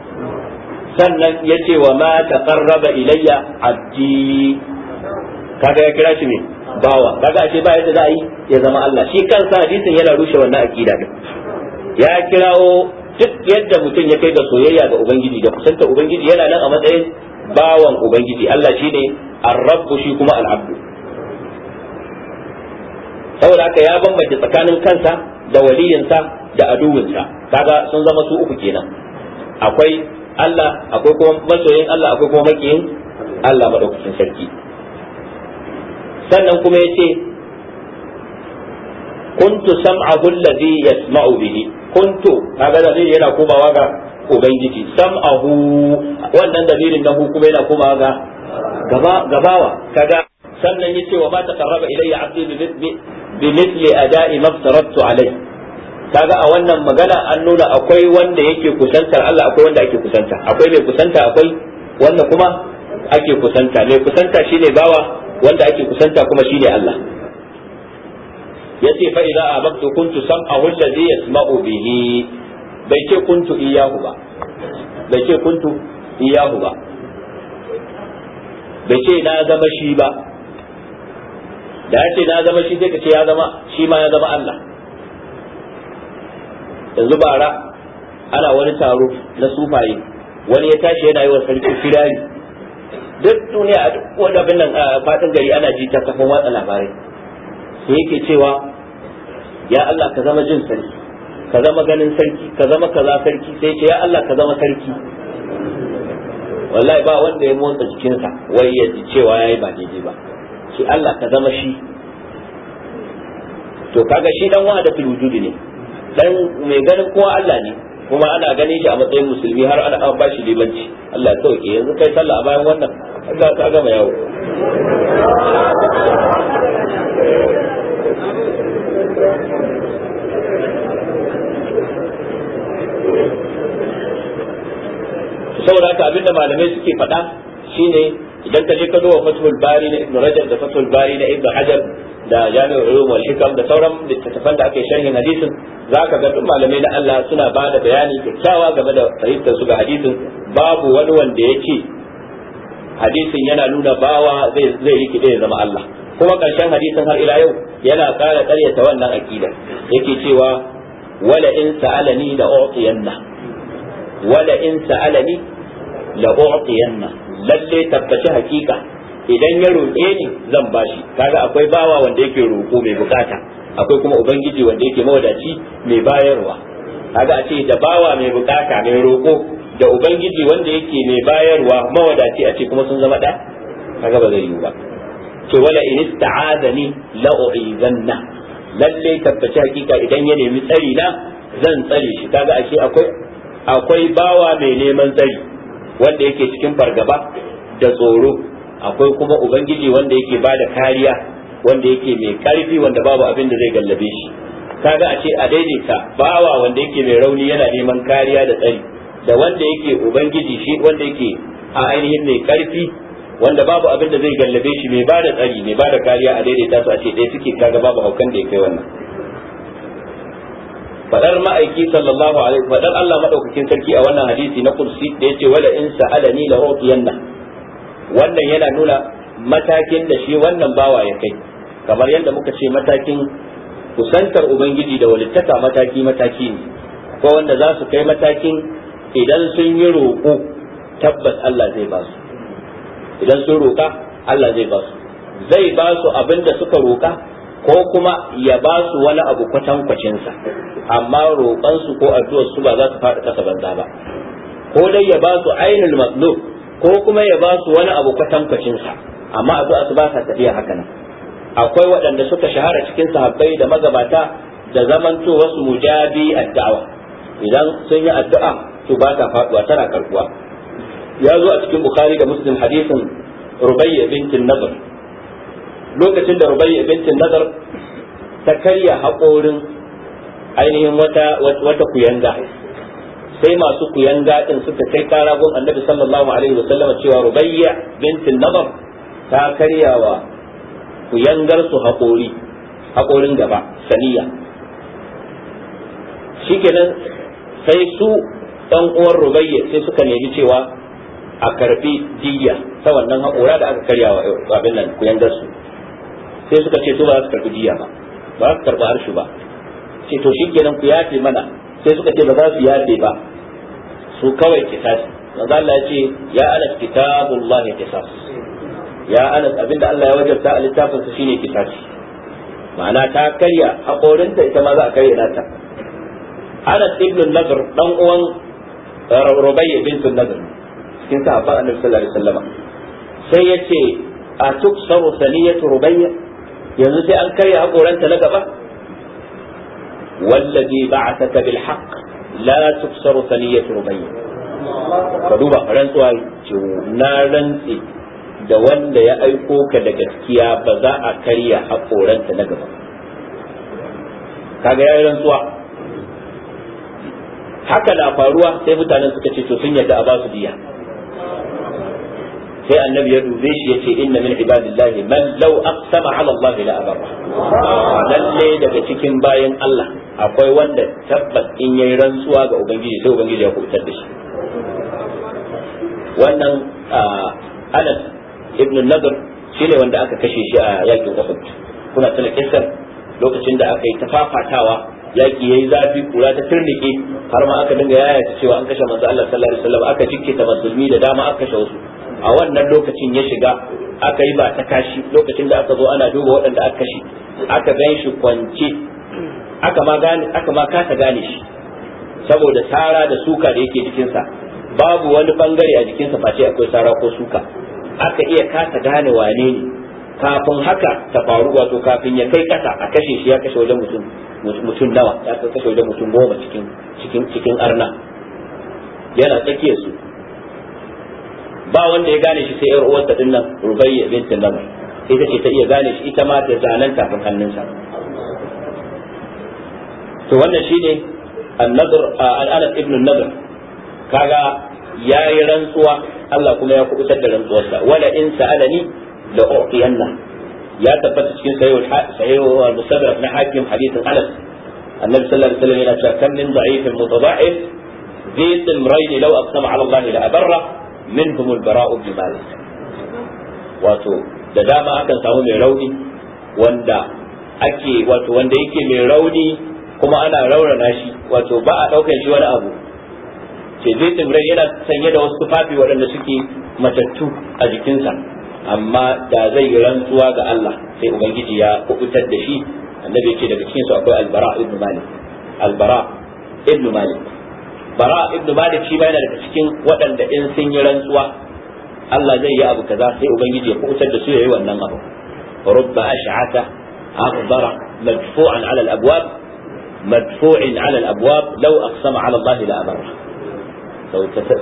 sannan yace wa ma taqarraba ilayya abdi kaga ya kira shi ne bawa kaga ashe ba yadda za a yi ya zama Allah shi kansa hadisin yana rushe wannan akida din ya kirawo duk yadda mutum ya kai ga soyayya ga ubangiji da kusanta ubangiji yana nan a matsayin bawan ubangiji Allah shine ar-rabb shi kuma al-abd saboda haka ya bambanta tsakanin kansa da waliyinsa da aduwinsa kaga sun zama su uku kenan akwai Allah akwai kuma masoyin Allah akwai kuma makiyin Allah madaukakin sarki sannan kuma yace kuntu sam'ahu alladhi yasma'u bihi kuntu kaga da yana komawa ga ubangiji sam'ahu wannan dalilin na kuma yana komawa ga gabawa kaga sannan yace wa ba ta qarraba ilayya 'abdi bi mithli ada'i ma aftaratu alayhi kaga a wannan magana an nuna akwai wanda yake kusantar Allah akwai wanda ake kusanta akwai mai kusanta akwai wanda kuma ake kusanta mai kusanta shine bawa wanda ake kusanta kuma shine Allah yace fa idza abaktu kuntu sam'ahu alladhi yasma'u bihi bai ce kuntu iyahu ba bai ce kuntu iyahu ba bai ce na zama shi ba da ya ce na zama shi sai ka ce ya zama shi ma ya zama Allah yanzu bara ana wani taro na sufaye wani ya tashi yana yi wa sarki firari duk duniya a duk wani abin nan a fatan gari ana ji ta kafin watsa labarai to yake cewa ya Allah ka zama jin sarki ka zama ganin sarki ka zama kaza sarki sai ce ya Allah ka zama sarki wallahi ba wanda ya motsa jikinsa wai ya ji cewa yayi ba daidai ba shi Allah ka zama shi to kaga shi dan wahada fil wujudi ne dan mai ganin kowa Allah ne kuma ana ganin shi a matsayin musulmi har ana an bashi limanci Allah ya sauke yanzu kai sallah a bayan wannan Allah ka gama yawo saboda haka abinda malamai suke faɗa shine idan ka je ka duba fatul bari na ibnu rajab da fatul bari na ibnu hajar da jami'ul ulum wal hikam da sauran littattafan da ake sharhin hadisin zaka ga duk malamai na Allah suna ba da bayani kyakkyawa game da fahimtar su ga hadisin babu wani wanda ya ce hadisin yana nuna bawa zai zai rikide ya zama Allah kuma ƙarshen hadisin har ila yau yana ƙara ƙaryata wannan aqida yake cewa wala in sa'alani la u'tiyanna wala in sa'alani la u'tiyanna lalle tabbaci hakika idan ya roƙe ni zan bashi kaga akwai bawa wanda yake roƙo mai bukata akwai kuma ubangiji wanda yake mawadaci mai bayarwa kaga a ce da bawa mai bukata mai roƙo da ubangiji wanda yake mai bayarwa mawadaci a ce kuma sun zama ɗaya kaga ba zai yiwu ba ce wala in ista'azani la u'izanna lalle tabbaci hakika idan ya nemi tsari na zan tsare shi kaga ashe akwai akwai bawa mai neman tsari wanda yake cikin fargaba da tsoro akwai kuma ubangiji wanda yake bada kariya wanda yake mai karfi wanda babu abin da zai gallabe shi kaga ashe a daidaita bawa wanda yake mai rauni yana neman kariya da tsari da wanda yake ubangiji shi wanda yake a ainihin mai karfi wanda babu abin da zai gallabe shi mai bada tsari mai bada kariya a daidaita su a ce ɗaya suke kaga babu haukan da ya kai wannan fadar ma'aiki sallallahu alaihi fadar Allah madaukakin sarki a wannan hadisi na kursi da yace wala in sa'alani la utiyanna wannan yana nuna matakin da shi wannan bawa ya kai kamar yadda muka ce matakin kusantar ubangiji da walittaka mataki mataki ne ko wanda za su kai matakin idan sun yi roƙo tabbas Allah zai ba su idan sun roƙa Allah zai ba su zai ba su abin da suka roƙa ko kuma ya ba su wani abu kwacinsa amma roƙansu ko addu'ar su ba za su faɗi ƙasa banza ba ko dai ya ba su ainul matlub ko kuma ya ba su wani abu kwacinsa amma addu'a su ba sa tafiya haka nan akwai waɗanda suka shahara cikin sahabbai da magabata da zamanto wasu mujabi addu'a idan sun yi addu'a to ba ta faɗuwa tana karbuwa ya zo a cikin bukhari da muslim hadisin rubayya bintin nazar lokacin da rubayya bintin nazar ta karya haƙorin ainihin wata wata kuyanga sai masu kuyanga din suka kai kara annabi sallallahu alaihi wasallam cewa rubayya bintin nazar ta karyawa kuyangar su haƙori haƙorin gaba saniya shikenan sai su ɗan uwar rubayya sai suka nemi cewa a karbi diya ta wannan haƙora da aka karya wa abin nan ku yanga su sai suka ce to ba za su karbi diya ba ba za su karbi harshe ba Sai to shikenan ku yafe mana sai suka ce ba za su yafe ba su kawai kisas manzo Allah ya ce ya anas kitabullahi kisas ya anas abinda Allah ya wajabta a littafin sa shine kisas ma'ana ta karya haƙorinta ita ma za a karya nata anas ibn nadr dan uwan eh, rubayya bin nadr cikin sahabban annabi sallallahu alaihi wasallam sai yace a tuksaru saniyatu rubayya yanzu sai an karya hakoranta na gaba wallazi ba'athaka bil haqq la tuksaru saniyatu rubayya ka duba rantsuwa ce na rantsi da wanda ya aiko ka da gaskiya ba za a karya hakoranta na gaba kaga yayin rantsuwa haka na faruwa sai mutanen suka ce to sun yadda a ba su diya sai annabi ya dube shi yace inna min ibadillahi man law aqsama ala allahi la abara lalle daga cikin bayan Allah akwai wanda tabbas in yayi rantsuwa ga ubangiji sai ubangiji ya kubutar da shi wannan Anas ibn Nadr shine wanda aka kashe shi a yakin Uhud kuna tana kissar lokacin da aka yi tafafatawa yaki yayi zafi kura ta turnike har ma aka dinga yaya cewa an kashe manzo Allah sallallahu alaihi wasallam aka ta musulmi da dama aka kashe wasu a wannan lokacin ya shiga aka yi ba ta kashi lokacin da aka zo ana duba waɗanda aka kashi aka gan shi kwance aka ma kasa gane shi saboda sara da suka da yake jikinsa babu wani bangare a jikinsa face akwai sara ko suka aka iya kasa gane wane ne kafin haka ta faru wato kafin ya kai kasa a kashe shi ya kashe wajen mutum mutum nawa ya kashe wajen mutum goma cikin cikin arna yana tsakiyar su ba wanda ya gane shi sai yar uwarsa din nan rubayya bint nabi ita ce ta iya gane shi ita ma ta zanen tafin hannunsa to wannan shine an-nadr al-anas ibn an-nadr kaga yayi rantsuwa Allah kuma ya kubutar da rantsuwar rantsuwarsa wala in sa'alani la u'tiyanna ya tabbata cikin sahihul sahihul al-mustadrak na hakim hadithin Anas annabi sallallahu alaihi wasallam yana cewa kan min da'ifin mutada'if ذي الضمرين لو أقسم على الله لأبره Min humul barau bi wato da dama akan samu mai rauni wanda ake wato wanda yake mai rauni kuma ana raurana shi wato ba a daukan shi wani abu ce zai yana sanye da wasu tufafi waɗanda suke matattu a jikinsa amma da zai yi rantsuwa ga Allah sai ubangiji ya kubutar da shi annabi ce daga cikin su akwai albara ibn malik albara malik bara ibnu malik shi ba daga cikin waɗanda in sun yi rantsuwa Allah zai yi abu kaza sai ubangiji ya kubutar da su yayi wannan abu rubba ash'ata akbara madfu'an 'ala al-abwab madfu'in 'ala al-abwab law aqsama 'ala Allah la abara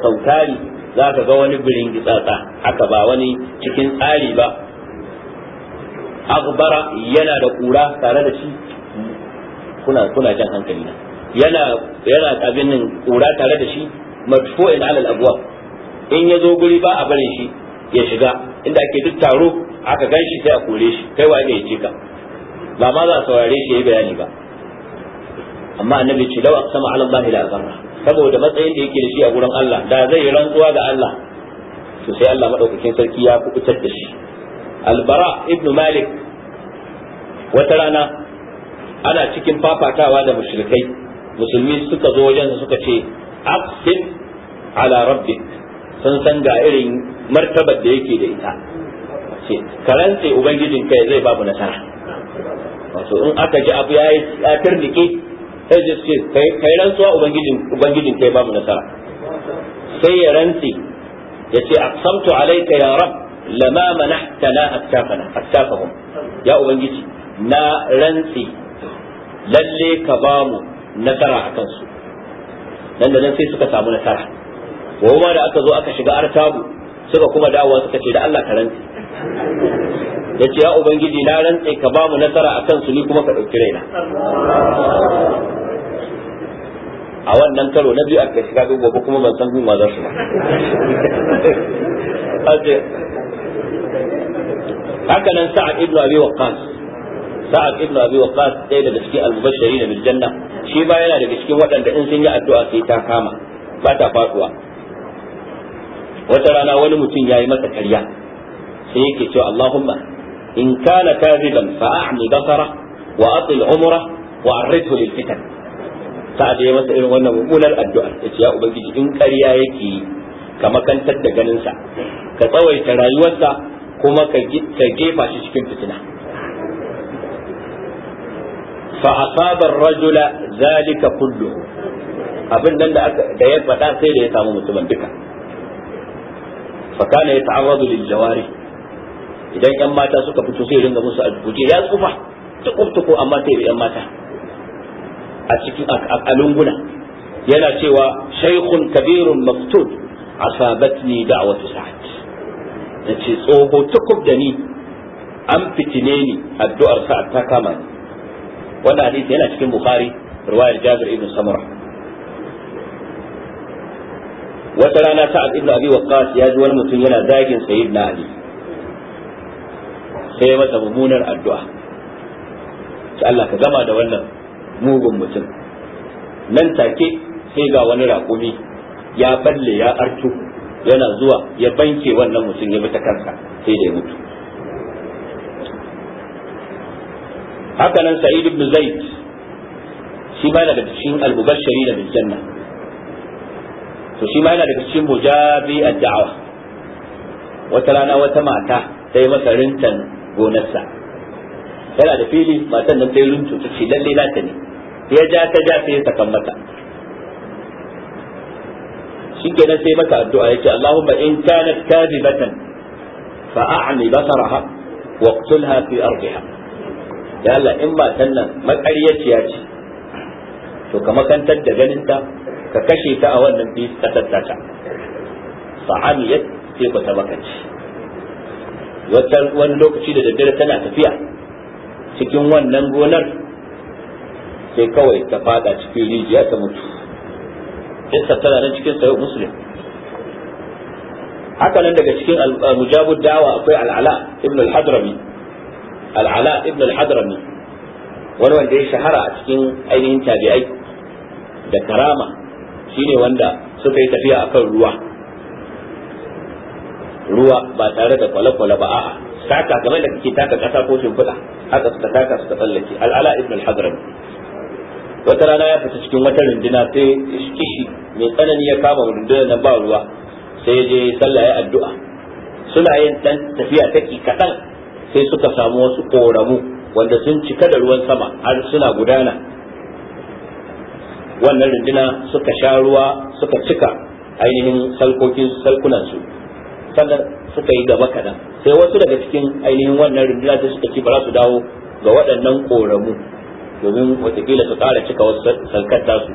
sautari za ka ga wani birin gitsatsa haka ba wani cikin tsari ba akbara yana da kura tare da shi kuna kuna jan hankali na yana yana abin kura tare da shi matfo in al-abwab in yazo guri ba a barin shi ya shiga inda ake duk taro aka ganshi sai a kore shi kai wa ne ya ce ka ba ma za a saurare shi yayi bayani ba amma annabi ce lawa sama ala Allah la barra saboda matsayin da yake da shi a gurin Allah da zai yi rantsuwa ga Allah to sai Allah madaukakin sarki ya kubutar da shi albara ibnu malik wata rana ana cikin fafatawa da mushrikai musulmi suka zo wajen suka ce aqsim ala rabbik sun san ga irin martabar da yake da ita ce karantse ubangijin kai zai babu nasara wato in aka ji abu yayi ya turnike sai ji ce kai rantsuwa ubangijin ubangijin kai babu nasara sai ya rantsi ya ce aqsamtu alayka ya rabb lama manahtana attafana attafahum ya ubangiji na rantsi lalle ka bamu nasara a kansu nan da nan sai suka samu nasara kuma da aka zo aka shiga artabu suka kuma dawowa suka ce da Allah ka rantse da ce ya ubangiji na rantse ka ba mu nasara a kansu ni kuma ka ɗauki raina a wannan karo na biyu aka shiga gobe kuma ban san ma za su ba haka nan sa'ad ibnu abi waqqas sa'ad ibn abi waqas ɗaya daga cikin al-mubashirin bil janna shi ba yana daga cikin waɗanda in sun yi addu'a sai ta kama ba ta faduwa wata rana wani mutum ya yi masa karya sai yake cewa Allahumma in kana kadiban fa a'mi basara wa atil umra wa arridhu lil fitan sa'ad ya masa irin wannan mummunar addu'a yace ya ubangiji in karya yake ka makantar da ganinsa ka tsawaita rayuwarsa kuma ka gefa shi cikin fitina fa asaba rajula zalika kullu. abin nan da ya faɗa sai da ya samu mutumin duka fa kana yata'arradu lil jawari idan yan mata suka fito sai ringa musu alfuje ya tsufa tukumtuko amma sai yan mata a cikin alunguna yana cewa shaykhun kabirun maqtud asabatni da'watu sa'ad nace tsoho tukub da ni an fitine ni addu'ar sa'ad ta kama ni wannan hadisi yana cikin bukhari riwayar jabir ibn samura wata rana ta ibn abi waqqas ya ji wani mutum yana zagin sayyidina ali sai ya masa mummunar addu'a sai Allah ka gama da wannan mugun mutum nan take sai ga wani raƙumi ya balle ya artu yana zuwa ya banke wannan mutum ya bi ta kansa sai da ya mutu haka nan sa'id ibn zaid shi ma yana daga cikin al-mubashshiri da bil janna to shi ma yana daga cikin mujabi ad-da'wa wata rana wata mata ta yi masa rintan gonarsa yana da fili matan nan ta yi rintu ta ce lalle nata ne ya ja ta ja sai ya sakan mata shi kenan sai mata addu'a ya ce Allahumma in kanat kadibatan fa a'mi basaraha waqtulha fi ardiha ya Allah in matan nan makaryaciya ce to ka makantar da ganinta ka kashe ta a wannan fi kasar ta fa'amiyat sai ku ta makanci wani lokaci da daddare tana tafiya cikin wannan gonar sai kawai ta fada cikin rijiya ta mutu kissa tana nan cikin sayo muslim haka nan daga cikin mujabud dawa akwai al'ala ibn al-hadrami al'ala ibn al-hadrami wani wanda ya shahara a cikin ainihin tabi'ai da karama shine wanda suka yi tafiya akan ruwa ruwa ba tare da kwale-kwale ba a'a taka game da kake taka kasa ko shimfiɗa haka suka taka suka tsallake al'ala ibn al-hadrami wata rana ya fita cikin wata runduna sai kishi mai tsanani ya kama rundunar na ba ruwa sai ya je sallah ya addu'a suna yin dan tafiya take kaɗan sai suka samu wasu ƙoramu wanda sun cika da ruwan sama har suna gudana wannan rundina suka sha ruwa suka cika ainihin salkokin salkunansu sannan suka yi gaba kaɗan sai wasu daga cikin ainihin wannan runduna ta suka ci ba su dawo ga waɗannan ƙoramu domin watakila su ƙara cika wasu salkar tasu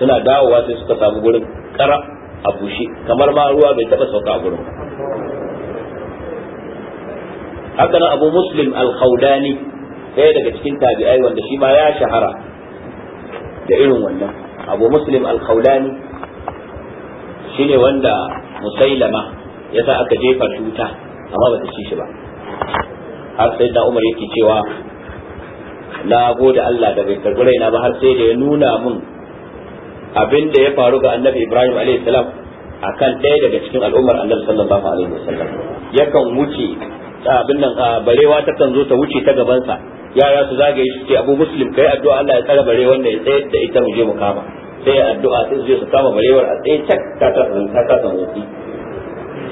suna dawowa sai suka samu gurin ƙara a bushe kamar ma ruwa bai taɓa sauka a gurin haka nan abu muslim al-khawdani ɗaya daga cikin tabi'ai wanda shi ma ya shahara da irin wannan abu muslim al shi shine wanda musailama ya sa aka jefa tuta amma ba ta ci shi ba har sai da umar yake cewa na gode Allah da bai karbi raina ba har sai da ya nuna mun abin da ya faru ga annabi Ibrahim alaihi salam akan ɗaya daga cikin al'ummar annabi sallallahu alaihi wasallam yakan wuce abin nan barewa ta kan zo ta wuce ta gabansa yara su zagaye shi ce abu muslim kai addu'a Allah ya tsara bare wanda ya tsayar da ita muje mu kama sai addu'a sai su je su kama barewar a tsaye cak ta ta ta ta ta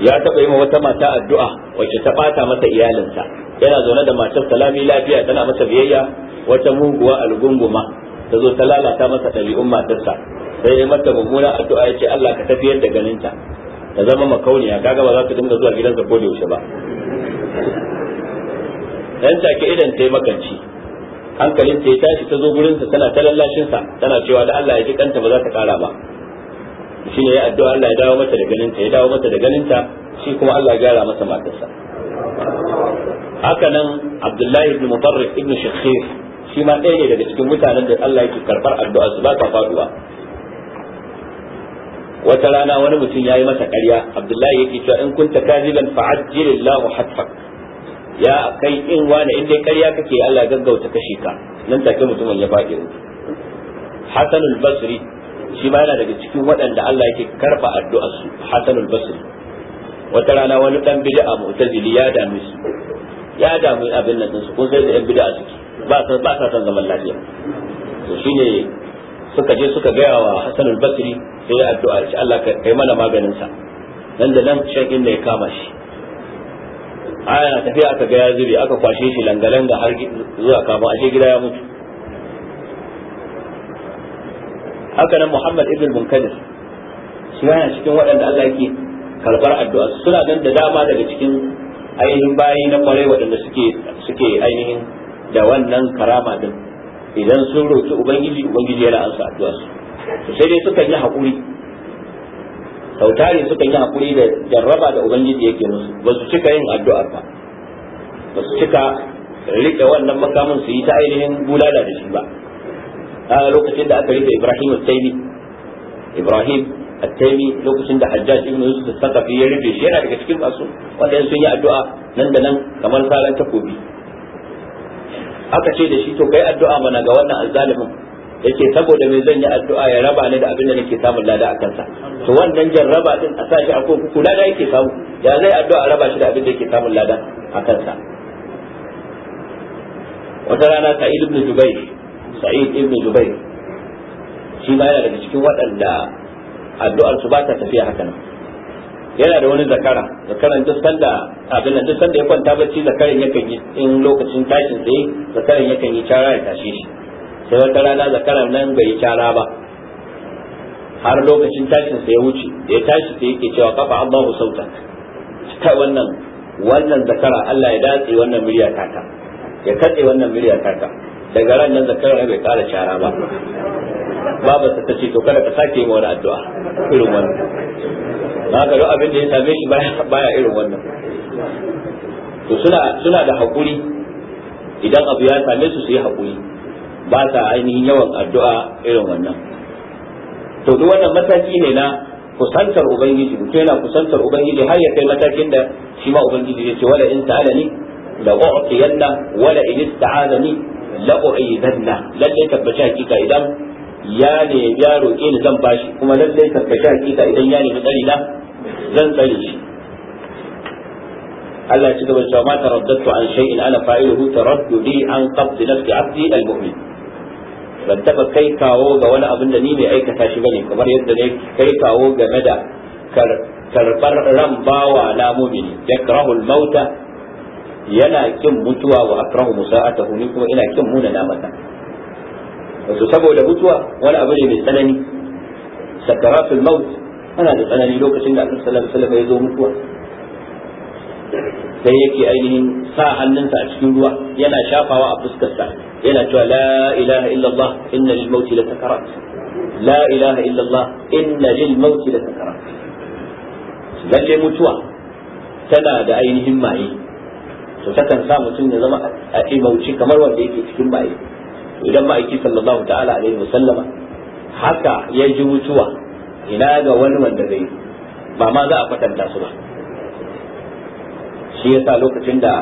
ya taba yi wata mata addu'a wacce ta bata masa iyalinsa yana zaune da matar salami lafiya tana masa biyayya wata muguwa algunguma ta zo ta lalata masa ɗabi'un matarsa sai ya mata mummuna addu'a ya ce Allah ka tafiyar da ganinta ta zama makauniya kaga ba za ta dinga zuwa gidansa ko da yaushe ba dan take idan ta makanci hankalin ta ya tashi ta zo gurin sa tana ta lallashin sa tana cewa da Allah ya ji kanta ba za ta kara ba shi ne ya addu'a Allah ya dawo mata da ganinta ya dawo mata da ganinta shi kuma Allah ya gyara masa matarsa haka nan Abdullahi ibn Mubarrak ibn Shakhir shi ma ɗaya ne daga cikin mutanen da Allah yake karbar addu'a su ba ta faduwa wata rana wani mutum ya yi masa ƙarya abdullahi yake cewa in kunta kaziban fa'ajjilillahu hatfak ya kai in wani in dai ƙarya kake Allah gaggauta kashe ka nan take mutumin ya faɗi Hassan al-Basri shi ma yana daga cikin waɗanda Allah yake karfa addu'a su Hassan al-Basri wata rana wani dan bid'a mu'tazili ya dame su ya dame abin nan su kun sai da yan bid'a suke ba sa ba sa son zaman lafiya to shine suka je suka gaya wa Hassan al-Basri sai ya addu'a shi Allah ka kai mana maganin sa nan da nan shan inda ya kama shi ana tafiya aka ga ya zube aka kwashe shi langalanga har zuwa kama ashe gida ya mutu haka nan Muhammad ibn Munkadir shi yana cikin waɗanda Allah yake karbar addu'a suna nan da dama daga cikin ainihin bayi na kwarai waɗanda suke suke ainihin da wannan karama din idan sun roki ubangiji ubangiji yana ansa addu'a su sai dai sukan yi haƙuri sautari sukan yi haƙuri da jarraba da ubangiji yake musu ba su cika yin addu'ar ba ba su cika rike wannan makamin su yi ta ainihin bulala da shi ba a lokacin da aka rike ibrahim al taymi ibrahim al taymi lokacin da hajjaj ibn yusuf al-thaqafi ya rufe shi yana daga cikin masu wanda sun yi addu'a nan da nan kamar saran takobi aka ce da shi to kai addu'a mana ga wannan azzalimin yake saboda me zan yi addu'a ya raba ni da abin da nake samun lada a kansa to wannan jarraba din a sa shi a kula lada yake samu ya zai addu'a raba shi da abin da yake samun lada a kansa wata rana sa'id ibn Dubai sa'id ibn jubair shi ma yana daga cikin waɗanda addu'ar su ba ta tafiya haka nan yana da wani zakara zakaran duk sanda abin duk sanda ya kwanta bacci zakaran yakan yi in lokacin tashin sai zakaran yakan yi cara ya tashe shi sai wata rana zakaran nan bai yi cara ba har lokacin tashin sai ya wuce da ya tashi sai yake cewa kafa Allahu sauta ta wannan wannan zakara Allah ya datse wannan murya taka ya katse wannan murya taka daga ran nan zakaran bai kara cara ba babu ta ce to kada ka sake yi wani addu'a irin wannan haka duk abin da ya same shi baya irin wannan to suna suna da haƙuri idan abu ya same su su yi haƙuri ba sa ainihin yawan addu'a irin wannan to duk wannan mataki ne na kusantar ubangiji mutum yana kusantar ubangiji har ya kai matakin da shi ma ubangiji ya ce wala in ta'alani la u'tiyanna wala in ista'azani la u'idanna lalle tabbaci hakika idan ya ne ya roƙe ni zan bashi kuma lalle tabbaci hakika idan ya nemi tsari na zan tsare shi Allah ya ci gaba cewa ma taraddatu an shay'in ana fa'iluhu taraddudi an qabd nafsi 'abdi al-mu'min ban taba kai kawo ga wani abin da ni mai aikata shi bane kamar yadda ne kai kawo game da karbar ran bawa na mu'mini yakrahu al yana kin mutuwa wa akrahu musa'atahu ni kuma ina kin muna namata. mata wato saboda mutuwa wani abu ne mai tsanani sakaratul maut ana da tsanani lokacin da annabi sallallahu alaihi ya zo mutuwa sai yake ainihin sa hannunsa a cikin ruwa yana shafawa a fuskarsa yana cewa la ilaha illallah inna lil mauti lasakarat la ilaha illallah inna lil mauti lasakarat lalle mutuwa tana da ainihin maye to takan sa mutum ya zama a mauci kamar wanda yake cikin maye idan ma'aiki sallallahu ta'ala alaihi wasallama haka ya ji mutuwa ina ga wani wanda zai ba ma za a kwatanta su ba shi yasa lokacin da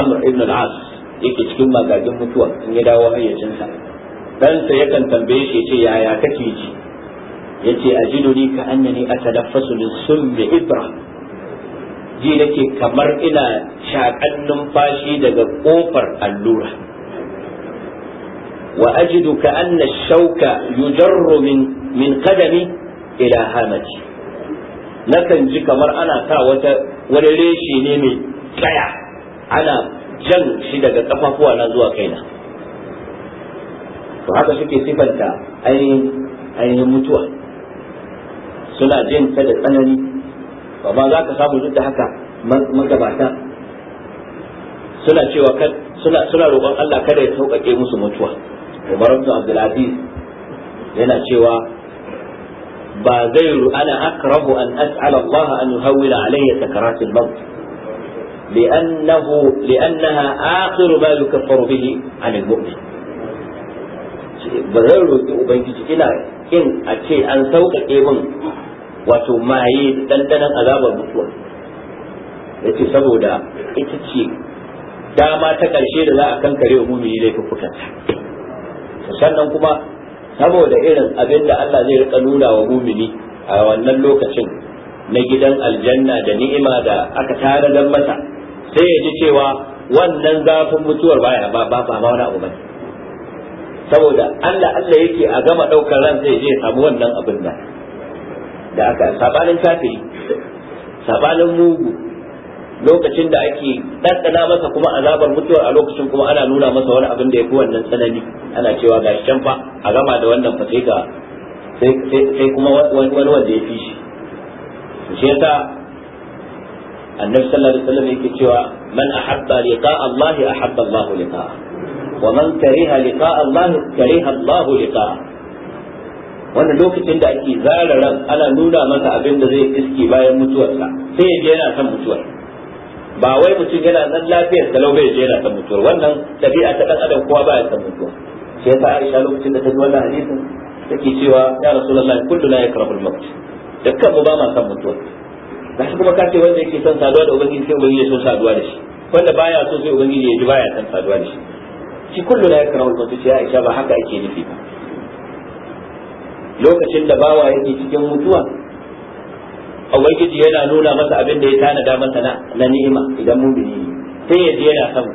Amr ibn al-As yake cikin magagin mutuwa in ya dawo hayyacinsa ɗansa yakan tambaye shi ce yaya kake ji yace ajiduni ka annani atadaffasu min sulmi ibra ji nake kamar ina shaƙan numfashi daga ƙofar allura wa aji duka anna shauka yujarru min min qadami ila hamati nakan ji kamar ana sa wata wani reshe ne mai tsaya ana jan shi daga kafafuwa zuwa kaina to haka suke sifanta ainihin mutuwa suna jin da tsanani amma za ka samu duk da haka magabata suna roƙon Allah kada ya sauƙaƙe musu mutuwa umar ibn abdul aziz yana cewa ba zai ana akrahu an as'ala Allah an yuhawwila alayya sakaratul maut لأنه لأنها آخر ما bihi به عن المؤمن ba zai roƙi ubangiji ina kin a ce an sauƙaƙe min wato maye dandanan azabar mutuwa yace saboda ita ce dama ta ƙarshe da za a kankare wa mumini laifin kutansa sannan kuma saboda irin abin da Allah zai rika nuna wa mumini a wannan lokacin na gidan aljanna da ni'ima da aka tare dan mata sai ya ji cewa wannan zafin mutuwar baya ba ba ba wani abu bane saboda Allah Allah yake a gama daukar ran zai je samu wannan abin da da aka sabanin kafiri sabanin mugu lokacin da ake ɗanɗana masa kuma azabar mutuwar a lokacin kuma ana nuna masa wani abin da ya fi wannan tsanani ana cewa ga can fa a gama da wannan fa sai ga sai kuma wani wanda ya fi shi shi yasa annabi sallallahu alaihi wasallam yake cewa man ahabba liqa Allah ahabba Allah liqa wa man kariha liqa Allah kariha Allah liqa wannan lokacin da ake zara ran ana nuna masa abin da zai iski bayan mutuwarsa sai ya je yana son mutuwar ba wai mutum yana nan lafiyar lau bai je yana san mutuwar wannan tafiya ta dan adam kowa ba ya san mutuwa shi yasa Aisha lokacin da ta ji wannan hadisin take cewa ya Rasulullah kulluna yakrahul maut dukkan mu ba ma san mutuwa Na shi kuma kace wanda yake son saduwa da ubangiji sai ubangiji ya so saduwa da shi wanda baya so sai ubangiji ya ji baya son saduwa da shi shi kulluna yakrahul maut ce Aisha ba haka ake nufi ba lokacin da bawa yake cikin mutuwa ubangiji yana nuna masa abin da ya tanada masa na na ni'ima idan mumini sai ya je yana son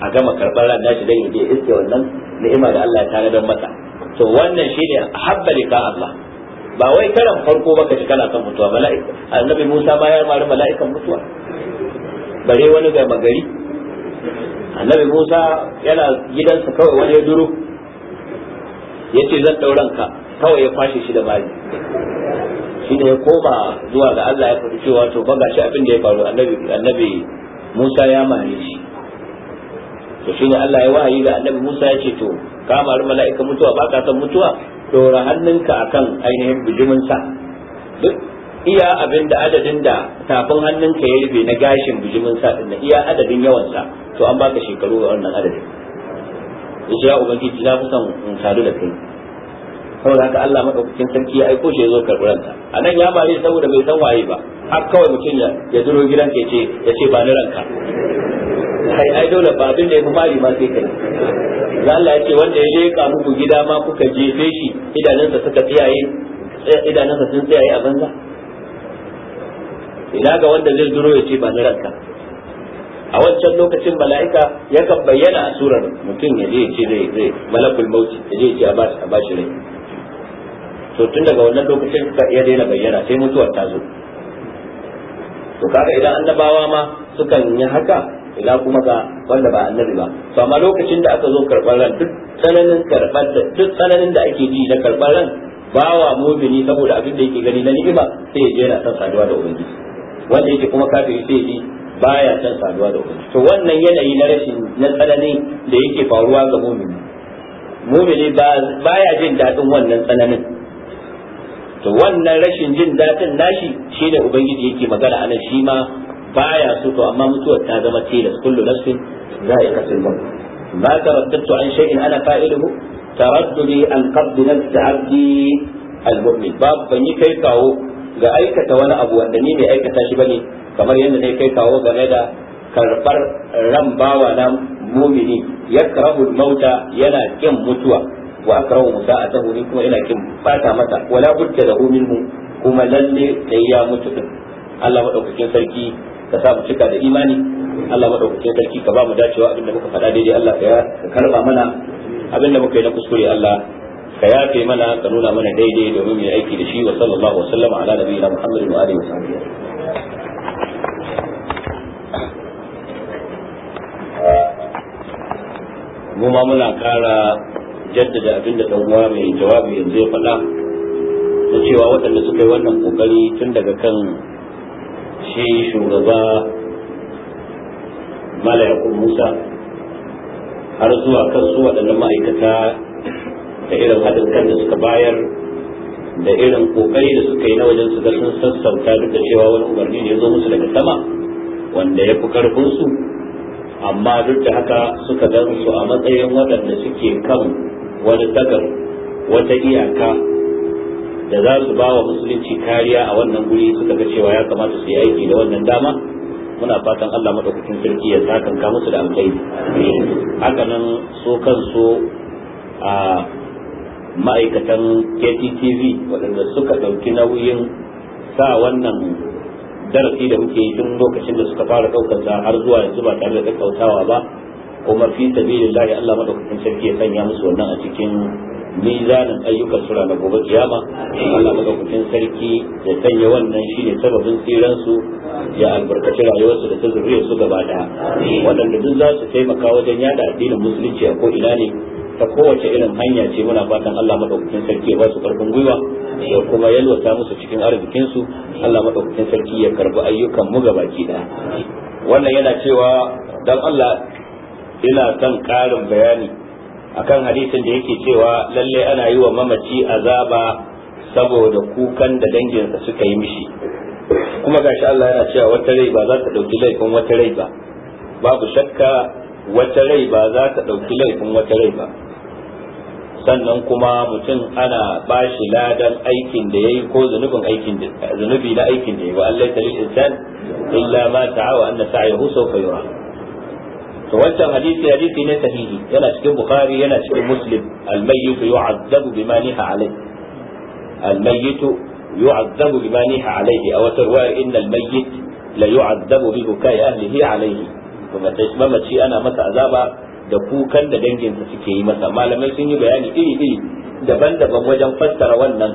a gama karɓar ran nashi dan yaje je iske wannan ni'ima da Allah ya tanadar masa to wannan shine habba lika Allah ba wai karan farko ba ka ji kana son mutuwa mala'ika annabi Musa ma ya mara mala'ikan mutuwa bare wani ga magari annabi Musa yana gidansa kawai wani ya duro yace zan dauranka ka kawai ya kwashe shi da mali shi ne ya koma zuwa ga Allah ya faɗi cewa to ba gashi abin da ya faru annabi annabi Musa ya mare shi to shine Allah ya wahayi ga annabi Musa ya ce to ka mari mala'ika mutuwa ba ka san mutuwa dora hannunka akan ainihin bijimin sa duk iya abin da adadin da tafin hannunka ya rufe na gashin bijimin sa din iya adadin yawan sa to an baka shekaru ga wannan adadin yace ya ubangiji na kusan in sadu da kai saboda haka Allah madaukakin sarki ya aiko shi ya zo karɓar ta a nan ya bari saboda bai san waye ba har kawai mutum ya ya duro gidan ka ce ya ce ba ni ranka kai ai dole ba abin da ya fi mali ma sai kai Allah ya ce wanda ya ka muku gida ma kuka jefe shi idanunsa suka tsiyaye idanunsa sun tsiyaye a banza ina ga wanda zai duro ya ce ba ni ranka a wancan lokacin mala'ika yakan bayyana a surar mutum ya je ya ce zai zai malakul mauti ya je ya ce a bashi rai to tun daga wannan lokacin ya daina bayyana sai mutuwar ta zo to kaga idan annabawa ma sukan yi haka ila kuma ga wanda ba annabi ba to amma lokacin da aka zo karɓar ran duk tsananin karban da duk tsananin da ake ji na karɓar ran bawa mumini saboda abin da yake gani na ni'ima sai ya je yana son saduwa da ubangiji wanda yake kuma kafiri sai ji baya son saduwa da ubangiji to wannan yanayi na rashin na tsanani da yake faruwa ga mumini mumini baya jin daɗin wannan tsananin to wannan rashin jin daɗin nashi shi ne ubangiji yake magana anan shi ma baya so to amma mutuwar ta zama tilas kullu nafsin za'iqatul maut ma taraddadtu an shay'in ana fa'iluhu taraddudi an qabd nafsi 'abdi al bab ban yi kai kawo ga aikata wani abu wanda ni bai aikata shi bane kamar yadda ne kai kawo game da karbar ran bawa na mumini yakrahu al-mauta yana kin mutuwa wa akrahu musa'atahu ni kuma ina kin bata mata wala budda lahu minhu kuma lalle dai ya mutu din Allah madaukakin sarki ka sa mu cika da imani Allah madaukakin sarki ka ba mu dacewa abinda muka faɗa daidai Allah ka karba mana abinda muka yi na kuskure Allah ka yafe mana ka nuna mana daidai domin mu aiki da shi wa sallallahu wa sallama ala nabiyina Muhammadin wa alihi wasallam sahbihi mu ma muna kara jaddada abin da dan uwa mai jawabi yanzu ya faɗa da cewa waɗanda suka yi wannan kokari tun daga kan shi shugaba mala musa har zuwa kan su waɗannan ma'aikata da irin haɗin kan da suka bayar da irin kokari da suka yi na wajen su ga sun sassauta duk da cewa wani umarni ne ya zo musu daga sama wanda ya fi karfin su amma duk da haka suka gan su a matsayin waɗanda suke kan wani tagar wata iyaka da za su ba wa musulunci kariya a wannan guri suka ga cewa ya kamata su yi aiki da wannan dama muna fatan Allah madaukakin sarki ya sakanka musu da alkhairi haka nan so kan so a ma'aikatan KTTV waɗanda suka ɗauki nauyin sa wannan darasi da muke yi tun lokacin da suka fara ɗaukar har zuwa yanzu ba tare da tattautawa ba kuma fi sabilillah Allah madaukakin sarki ya sanya musu wannan a cikin mizanin ayyukan sura na gobe kiyama Allah madaukakin sarki ya sanya wannan shine sababin tsiran su ya albarkaci rayuwarsu da ta zuriya su gaba da waɗanda duk za su taimaka wajen yada addinin musulunci a ko ina ne ta kowace irin hanya ce muna fatan Allah madaukakin sarki ya ba su karfin gwiwa ya kuma yalwata musu cikin arzikin su Allah madaukakin sarki ya karbi ayyukan mu ki daya wannan yana cewa dan Allah ina son ƙarin bayani akan hadisin da yake cewa lalle ana yi wa mamaci azaba saboda kukan da danginsa suka yi mishi kuma gashi Allah yana cewa wata rai ba za ta ɗauki laifin wata rai ba babu shakka wata rai ba za ta ɗauki laifin wata rai ba sannan kuma mutum ana bashi shi ladan aikin da ya yi ko aikin da zunubi na aikin da ya yi wa Allah ta lil illa ma ta'awa anna sa'yahu sawfa yura to wancan hadisi hadisi ne sahihi yana cikin bukhari yana cikin muslim al-mayyit yu'azzabu bima niha alayhi al-mayyit yu'azzabu bima niha alayhi aw tarwa inna al-mayyit la yu'azzabu bi bukai ahlihi alayhi kuma mamaci ana masa azaba da kukan da danginsa suke yi masa malamai sun yi bayani iri-iri daban-daban wajen fassara wannan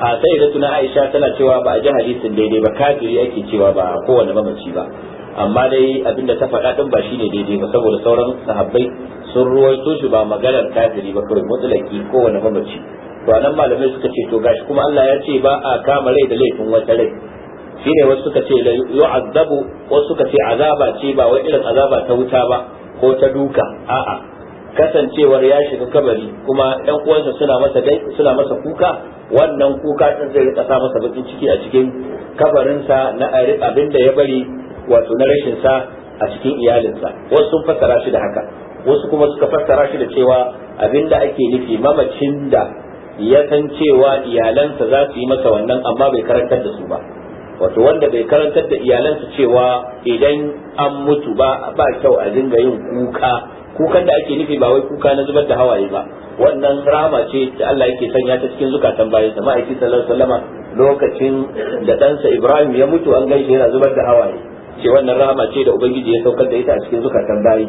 a sai da tuna aisha tana cewa ba a ji hadisin daidai ba kafiri ake cewa ba a kowane mamaci ba amma dai abinda ta faɗa din ba shine daidai ba saboda sauran sahabbai sun ruwaito shi ba maganar kafiri ba kawai ko wani mamaci to anan malamai suka ce to gashi kuma Allah ya ce ba a kama rai da laifin wata rai shine wasu suka ce la yu'azzabu wasu suka ce azaba ce ba wai irin azaba ta wuta ba ko ta duka a'a kasancewar ya shiga kabari kuma ɗan uwansa suna masa dai suna masa kuka wannan kuka din zai rika sa masa bakin ciki a cikin kabarinsa na abin da ya bari wato na rashin sa a cikin iyalinsa wasu sun fassara shi da haka wasu kuma suka fassara shi da cewa abinda ake nufi mamacin da ya san cewa iyalansa za su yi masa wannan amma bai karantar da su ba wato wanda bai karantar da iyalansa cewa idan an mutu ba ba kyau a dinga yin kuka kukan da ake nufi ba wai kuka na zubar da hawaye ba wannan rama ce da Allah yake sanya ta cikin zukatan sa ma'aiki sallallahu alaihi wasallama lokacin da ɗansa Ibrahim ya mutu an gaishe yana zubar da hawaye ce wannan rahama ce da ubangiji ya saukar da ita a cikin zukatan bayi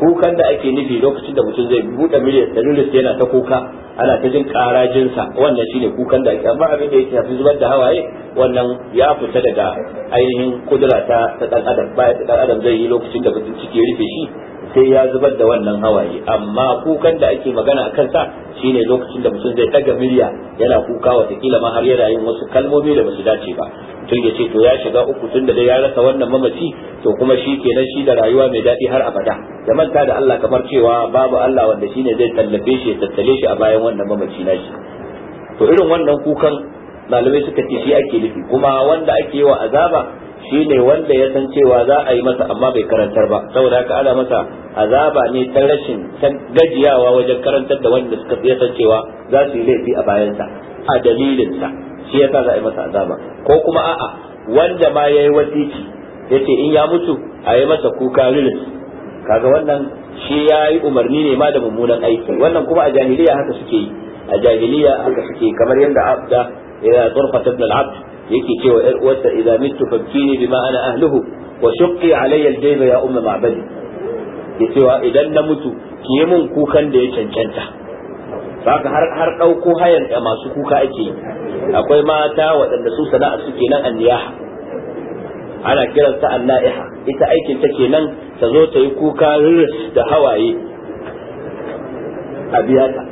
kukan da ake nufi lokacin da mutum zai buɗe miliyan lulus yana ta kuka ana ta jin karajinsa wannan shine kukan da ake amma abin da yake tafi zubar da hawaye wannan ya fita daga ainihin kudura ta ɗan adam baya ɗan adam zai yi lokacin da mutum ciki ya rufe shi sai ya zubar da wannan hawaye amma kukan da ake magana a kansa shine lokacin da mutum zai daga miliya yana kuka watakila ma har yana yin wasu kalmomi da basu dace ba tun ya ce to ya shiga uku tun da ya rasa wannan mamaci to kuma shi kenan shi da rayuwa mai daɗi har abada da manta da Allah kamar cewa babu Allah wanda shine zai tallafe shi ya tattale shi a bayan wannan mamaci nashi to irin wannan kukan malamai suka ce shi ake nufi kuma wanda ake yi wa azaba Shi ne wanda ya san cewa za a yi masa amma bai karantar ba saboda ka ana masa azaba ne ta rashin ta gajiyawa wajen karantar da wanda suka ya san cewa za su yi laifi a bayansa a dalilinsa shi ya sa za a yi masa azaba ko kuma a'a wanda ma ya yayi wasici ce in ya mutu a yi masa kuka rilis kaga wannan shi ya yi umarni ne ma da mummunan aiki wannan kuma a jahiliya haka suke yi a jahiliya haka suke kamar yadda abda ya zurfa ibn abd yake cewa yar uwarsa idza mittu fabkini bima ana ahluhu wa shaqqi alayya al ya umma ma'badi ke cewa idan na mutu ki yi mun kukan da ya cancanta haka har har dauko hayan da masu kuka ake akwai mata waɗanda su sana'a suke nan anniyaha ana ta annaiha ita aikin ta kenan ta zo ta yi kuka da hawaye a biya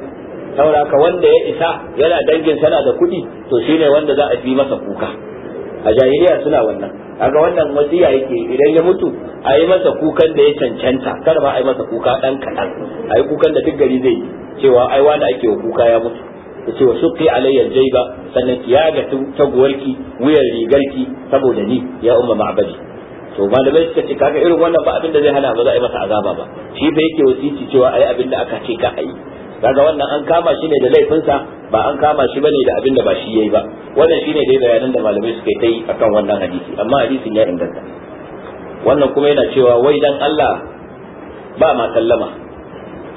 saboda ka wanda ya isa yana dangin sana da kuɗi to shine wanda za a fi masa kuka a jahiliya suna wannan kaga wannan wasiya yake idan ya mutu a yi masa kukan da ya cancanta kada ba a yi masa kuka dan kaɗan a yi kukan da duk gari zai cewa ai wanda ake wa kuka ya mutu ya ce wa suqi alayya jayba sannan ya ga taguwarki wuyan rigarki saboda ni ya umma ma'abadi to malamai suka ce kaga irin wannan ba abin da zai hana ba za a yi masa azaba ba shi fa yake wasici cewa ai abin da aka ce ka ayi kaga wannan an kama shi ne da laifinsa ba an kama shi bane da abin da ba shi yayi ba wannan shine dai bayanan da malamai suka yi akan wannan hadisi amma hadisin ya inganta wannan kuma yana cewa wai dan Allah ba ma sallama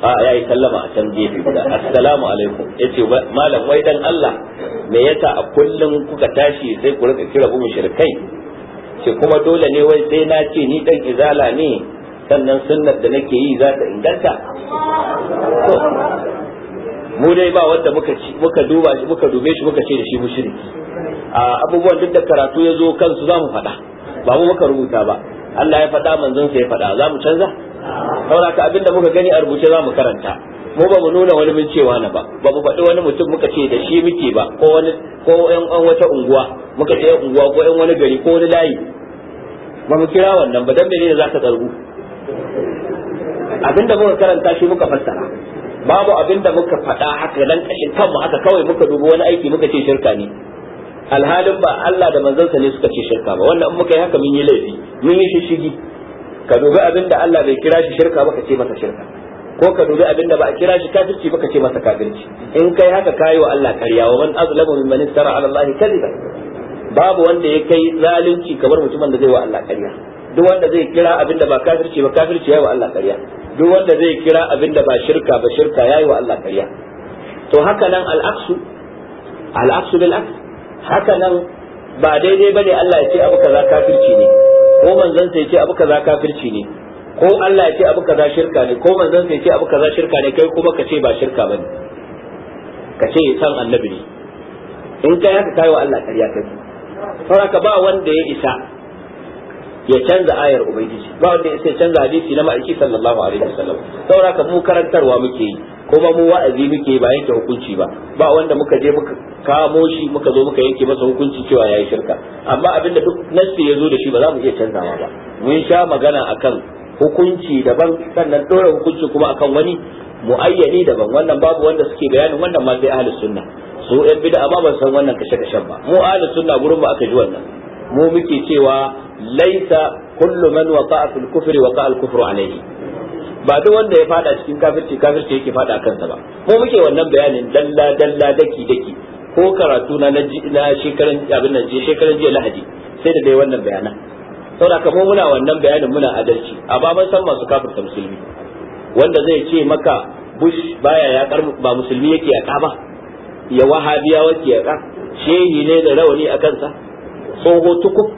a yayi sallama a can gefe guda assalamu alaikum yace malam wai dan Allah me yasa a kullum kuka tashi sai ku rika kira mu mushrikai ce kuma dole ne wai sai na ce ni dan izala ne sannan sunnar da nake yi za ta inganta mu dai ba wanda muka ci muka duba shi muka dube shi muka ce da shi mushriki a abubuwan duk da karatu ya zo kansu za mu faɗa ba mu muka rubuta ba Allah ya faɗa manzon sa ya faɗa za mu canza saboda ka abinda muka gani a rubuce za mu karanta mu ba mu nuna wani mun cewa na ba ba mu faɗi wani mutum muka ce da shi muke ba ko wani ko ƴan wata unguwa muka ce ƴan unguwa ko ƴan wani gari ko wani layi ba mu kira wannan ba dan menene za ka zargu abinda muka karanta shi muka fassara babu abinda muka faɗa haka dan kashin kanmu haka kawai muka dubi wani aiki muka ce shirka ne alhalin ba Allah da sa ne suka ce shirka ba wannan muka yi haka mun yi laifi mun yi shishigi ka dubi abinda Allah bai kira shi shirka ba ka ce masa shirka ko ka dubi abinda ba a kira shi kafirci ba ka ce masa kafirci in kai haka kayi wa Allah ƙarya wa man azlamu mimman istara ala Allah kadiba babu wanda ya kai zalunci kamar mutumin da zai wa Allah karya duk wanda zai kira abinda ba kafirci ba kafirci yayi wa Allah kariya duk wanda zai kira abinda ba shirka ba shirka yayi wa Allah kariya to haka nan al'aksu al'aksu bil aks haka nan ba daidai bane Allah ya ce abu kaza kafirci ne ko manzon sai ya ce abu kaza kafirci ne ko Allah ya ce abu kaza shirka ne ko manzon sai ya ce abu kaza shirka ne kai kuma ka ce ba shirka bane ka ce san annabi ne in kai haka kai wa Allah kariya kai saboda ba wanda ya isa ya canza ayar ubangiji ba wanda sai canza hadisi na ma'aiki sallallahu alaihi wasallam saboda ka mu karantarwa muke yi kuma mu wa'azi muke ba yanke hukunci ba ba wanda muka je muka kamo shi muka zo muka yanke masa hukunci cewa yayi shirka amma abin da duk nasti ya zo da shi ba za mu iya canzawa ba mun sha magana akan hukunci daban sannan dora hukunci kuma akan wani muayyani daban wannan babu wanda suke bayani wannan ma sai ahlus sunna su yan bid'a ba ban san wannan kashe kashen ba mu ahlus sunna gurin ba aka ji wannan mu muke cewa laisa kullu man waqa'a fil kufr waqa'a al kufru alayhi ba duk wanda ya fada cikin kafirci kafirci yake fada kansa ba mu muke wannan bayanin dalla dalla daki daki ko karatu na na shekaran abin nan shekaran jiya lahadi sai da dai wannan bayanan saboda kamar muna wannan bayanin muna adalci a baban san masu kafirta musulmi wanda zai ce maka bush baya kar ba musulmi yake yaka ba ya wahabiya wake yaka shehi ne da rawani a kansa tsoho tukuf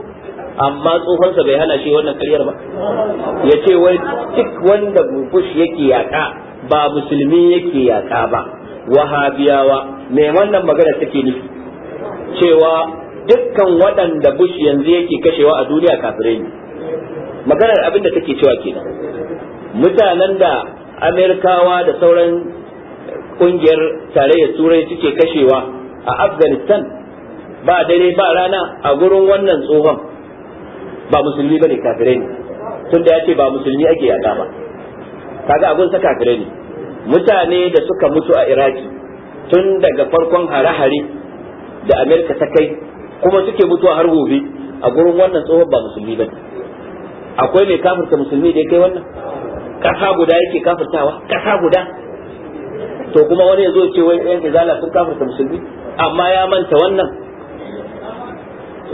amma tsohonsa bai hana shi wannan karyar ba ya ce wai duk wanda bush yake yaka ba musulmi yake yaka ba wahabiyawa me wannan magana take nufi cewa dukkan waɗanda bush yanzu yake kashewa a duniya kafirai ne maganar abin da take cewa kenan mutanen da amerikawa da sauran kungiyar tarayyar turai suke kashewa a afghanistan ba dare ba rana a gurin wannan tsohon ba musulmi bane kafirai ne tun da yace ba musulmi ake yaka ba kaga abun sa kafirai ne mutane da suka mutu a iraki tun daga farkon hare-hare da amerika ta kai kuma suke mutuwa har gobe a gurin wannan tsohon ba musulmi bane akwai mai kafirta musulmi da ya kai wannan kasa guda yake kafirtawa kasa guda to kuma wani ya zo ce wai yan izala sun kafirta musulmi amma ya manta wannan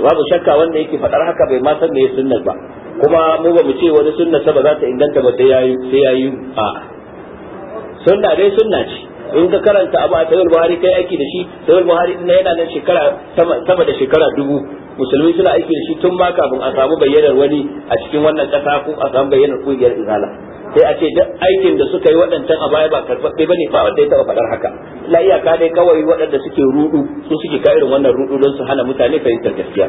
babu shakka wanda yake faɗar haka bai ma san meye sunnar ba kuma mu ba mu ce wani sunna sa ba za ta inganta ba sai yayi sai yayi a sunna dai sunna ce in ka karanta abu a sahih buhari kai aiki da shi sahih buhari din yana nan shekara sama da shekara dubu musulmi suna aiki da shi tun ma kafin a samu bayyanar wani a cikin wannan kasa ko a samu bayyanar kungiyar izala sai a ce duk aikin da suka yi waɗancan a baya ba karɓaɓɓe bane ba wanda ya taɓa faɗar haka la iyaka dai kawai waɗanda suke ruɗu su suke kai irin wannan rudu don su hana mutane fahimtar gaskiya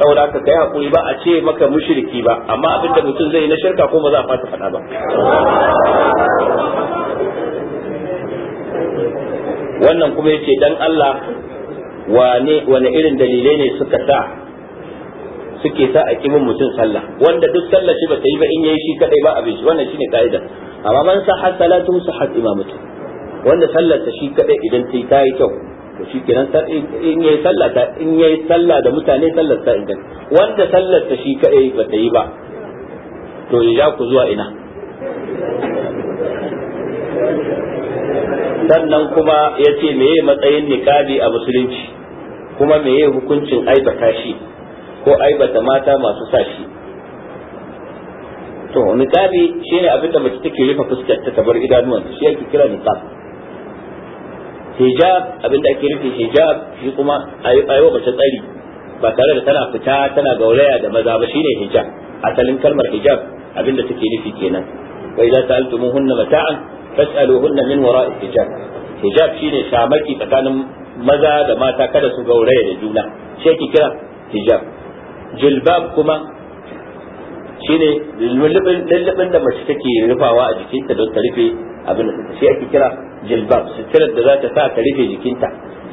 saboda haka kai hakuri ba a ce maka mushriki ba amma abin da mutum zai yi na shirka ko ba za a fata faɗa ba wannan kuma yace dan Allah wane wane irin dalilai ne suka sa suke sa a kimin mutum sallah wanda duk sallah shi ba ta yi ba in yayi shi kadai ba abin shi wannan shine kaida amma man sahha salatu sahha imamatu wanda sallar ta shi kadai idan sai ta yi kyau to shi kenan in yayi sallah ta in yayi sallah da mutane sallar ta idan wanda sallar ta shi kadai ba ta yi ba to ya ku zuwa ina sannan kuma ya ce meye matsayin niqabi a musulunci kuma me meye hukuncin aibata shi ko aibata mata masu sa shi to niqabi shine abin da mace take rufe fuskar ta bar idanuwan shi yake kira niqab hijab abin da ake rufe hijab shi kuma ayo mace tsari ba tare da tana fita tana gauraya da maza ba shine hijab asalin kalmar hijab abin da take nufi kenan wa idza sa'altumuhunna mata'an fas'aluhunna min wara'i hijab hijab shine shamaki tsakanin maza da mata kada su gauraya da juna shi ake kira hijab jilbab kuma shine lullubin da mace take rufawa a jikinta don ta rufe abin da shi ake kira jilbab suturar da za ta sa ta rufe jikinta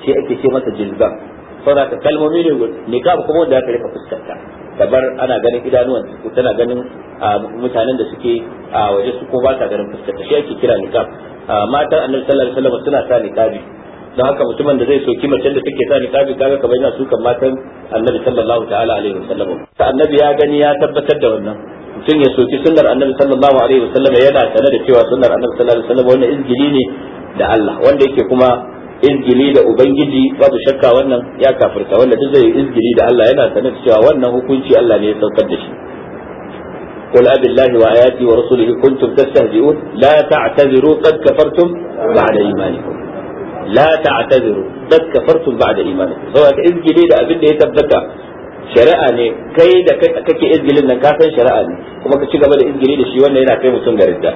shi ake ce masa jilbab saboda ta kalmomi ne niqab kuma wanda aka rufe fuskarta kabar ana ganin idanuwan ko tana ganin mutanen da suke a waje su ko ba ta ganin fuskarta shi ake kira niqab mata annabi sallallahu alaihi wasallam suna sa niqabi don haka mutumin da zai soki macen da take sa niqabi kaga kamar yana sukan matan annabi sallallahu ta'ala alaihi wasallam ta annabi ya gani ya tabbatar da wannan mutum ya soki sunnar annabi sallallahu alaihi wasallam yana sanar da cewa sunnar annabi sallallahu alaihi wasallam wannan izgili ne da Allah wanda yake kuma izgili da ubangiji babu shakka wannan ya kafirta wanda duk zai izgili da Allah yana sanar da cewa wannan hukunci Allah ne ya saukar da shi قل أب الله وآياته ورسوله كنتم تستهزئون لا تعتذروا قد كفرتم بعد إيمانكم la ta'taziru qad kafartum ba'da imanikum saboda izgili da abin da ya tabbata shari'a ne kai da kake izgilin nan ka san shari'a ne kuma ka ci gaba da izgili da shi wannan yana kai mutum ga ridda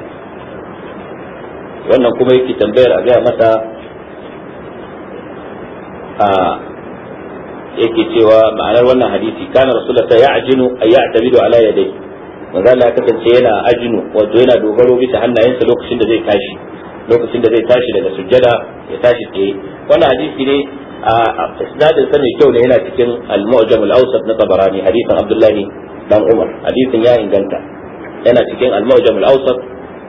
wannan kuma yake tambayar a gaya mata a yake cewa ma'anar wannan hadisi kana rasulullah ta ya'jinu ay ya'tamidu ala yadayhi manzo Allah ya kasance yana ajinu wato yana dogaro bisa hannayensa lokacin da zai tashi lokacin da zai tashi daga sujjada ya tashi tsaye wannan hadisi ne a isnadin sa mai kyau ne yana cikin al-mu'jam al-awsat na tabarani hadisin abdullahi dan umar hadisin ya inganta yana cikin al-mu'jam al-awsat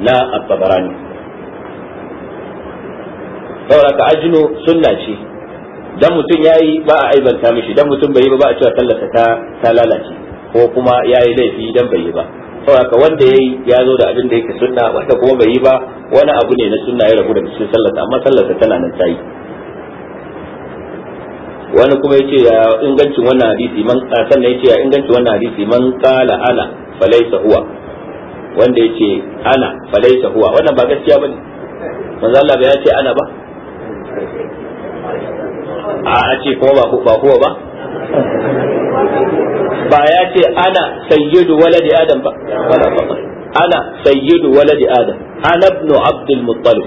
na at-tabarani saboda ka ajinu sunna ce dan mutum yayi ba a aibanta mishi dan mutum bai yi ba ba a cewa sallarsa ta ta lalace ko kuma yayi laifi dan bai yi ba ka wanda yayi ya zo da abin da yake sunna wanda kuma bai yi ba wani abu ne na sunna ya rabu da cikin sallarsa amma ta tana nan tayi wani kuma yace ya ingancin wannan hadisi man sannan yace ya ingancin wannan hadisi man qala ana falaysa huwa wanda yace ana falaysa huwa wannan ba gaskiya bane manzo Allah bai yace ana ba a ce kuma ba huwa ba ba ya ce ana sayyidu waladi adam ba ana sayyidu waladi adam ana ibn abdul muttalib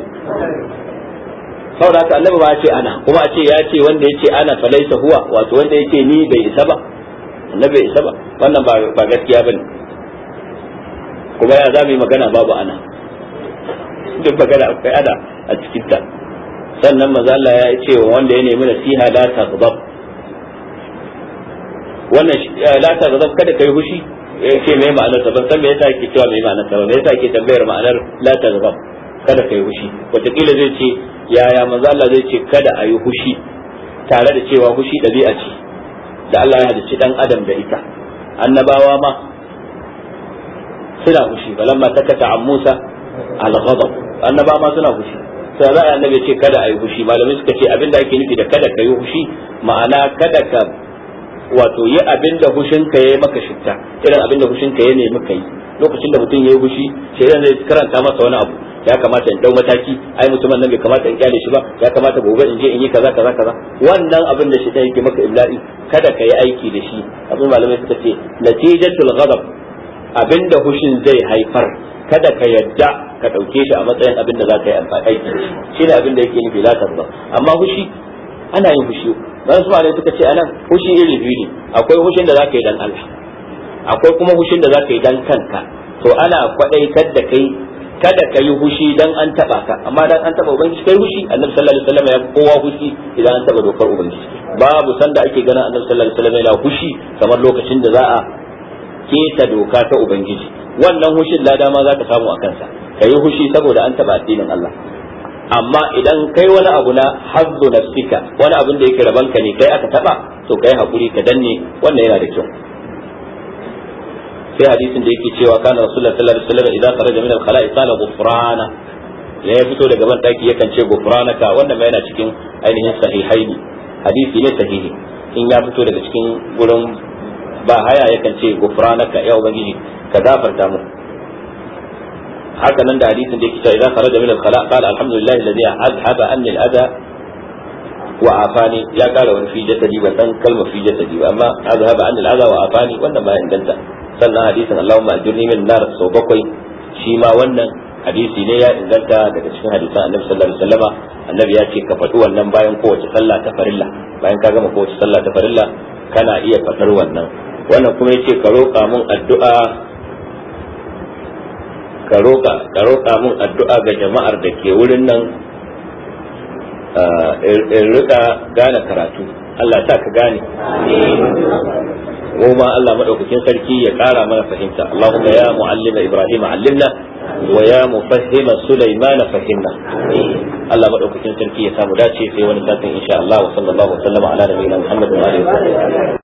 saboda haka annabi ba ya ce ana kuma a ce ya ce wanda ya ce ana falaisa huwa wato wanda ya ce ni bai isa ba annabi bai isa ba wannan ba gaskiya bane kuma ya za mu yi magana babu ana duk magana akwai ana a cikin ta sannan manzo Allah ya ce wanda ya nemi nasiha la taghdab wannan eh, la ta gazab kada kai hushi ce mai ma'anar ban san me yasa yake cewa mai ma'anar ba me yasa yake tambayar ma'anar la ta gazab kada kai hushi wataƙila zai ce yaya manzo Allah zai ce kada a yi hushi tare da cewa hushi ɗabi'a ce da Allah ya halicci dan adam da ita annabawa ma suna hushi balan takata an Musa al-ghadab annabawa ma suna hushi sai za a annabi ce kada a yi hushi malamai suka ce abinda ake nufi da kada ka yi hushi ma'ana kada ka wato yi abin da hushinka ya maka shitta irin abin da hushinka ya nemi kai lokacin da mutum ya yi hushi shi zai karanta masa wani abu ya kamata in dau mataki ai mutumin nan bai kamata in kyale shi ba ya kamata gobe in je in yi kaza kaza kaza wannan abin da shaidan yake maka ibla'i kada ka yi aiki da shi abin malamai suka ce natijatul ghadab abin da hushin zai haifar kada ka yadda ka dauke shi a matsayin abin da za ka yi aiki shi ne abin da yake nufi la amma hushi ana yin fushi ba su malai suka ce anan fushi iri biyu ne akwai fushin da zaka yi dan Allah akwai kuma fushin da zaka yi dan kanka to ana kwadaitar da kai kada ka yi fushi dan an taba ka amma dan an taba ubangiji kai fushi, annabi sallallahu alaihi wasallam ya kowa fushi idan an taba dokar ubangiji babu sanda ake ganin annabi sallallahu alaihi wasallam yana fushi kamar lokacin da za a keta doka ta ubangiji wannan hushin lada ma za ka samu a kansa ka yi hushi saboda an taba addinin Allah amma idan kai wani abu na na sika, wani abin da yake rabanka ne kai aka taba to kai hakuri ka danne wannan yana da kyau sai hadisin da yake cewa kana rasulullahi sallallahu alaihi wasallam idan kharaja min al-khala'i qala ghufrana ya fito daga ban daki yakan ce ghufranaka wannan ma yana cikin ainihin sahihaini hadisi ne sahihi in ya fito daga cikin gurin ba haya yakan ce ghufranaka ya ubangiji ka gafarta mu haka nan da hadisin da yake cewa idan kharaja min al-khala qala alhamdulillah alladhi adhaba anni al-adha wa afani ya kara wani fi jasadi ba san kalmar fi jasadi ba amma azhaba anni al-adha wa afani wannan ba inganta sannan hadisin Allahumma ajirni min nar sau bakwai shi ma wannan hadisi ne ya inganta daga cikin hadisan annabi sallallahu alaihi wasallama annabi ya ce ka faɗi wannan bayan kowace sallah ta farilla bayan ka gama kowace sallah ta farilla kana iya faɗar wannan wannan kuma yace ka roƙa mun addu'a ka roƙa ka roƙa min addu'a ga jama'ar da ke wurin nan in rika gane karatu Allah ta ka gane goma Allah madaukakin sarki ya ƙara mana fahimta Allahumma ya mu'allima Ibrahim allimna wa ya mufahhima Sulaiman fahimna Allah madaukakin sarki ya samu dace sai wani satin insha Allah wa sallallahu wa sallama ala nabiyina Muhammad wa alihi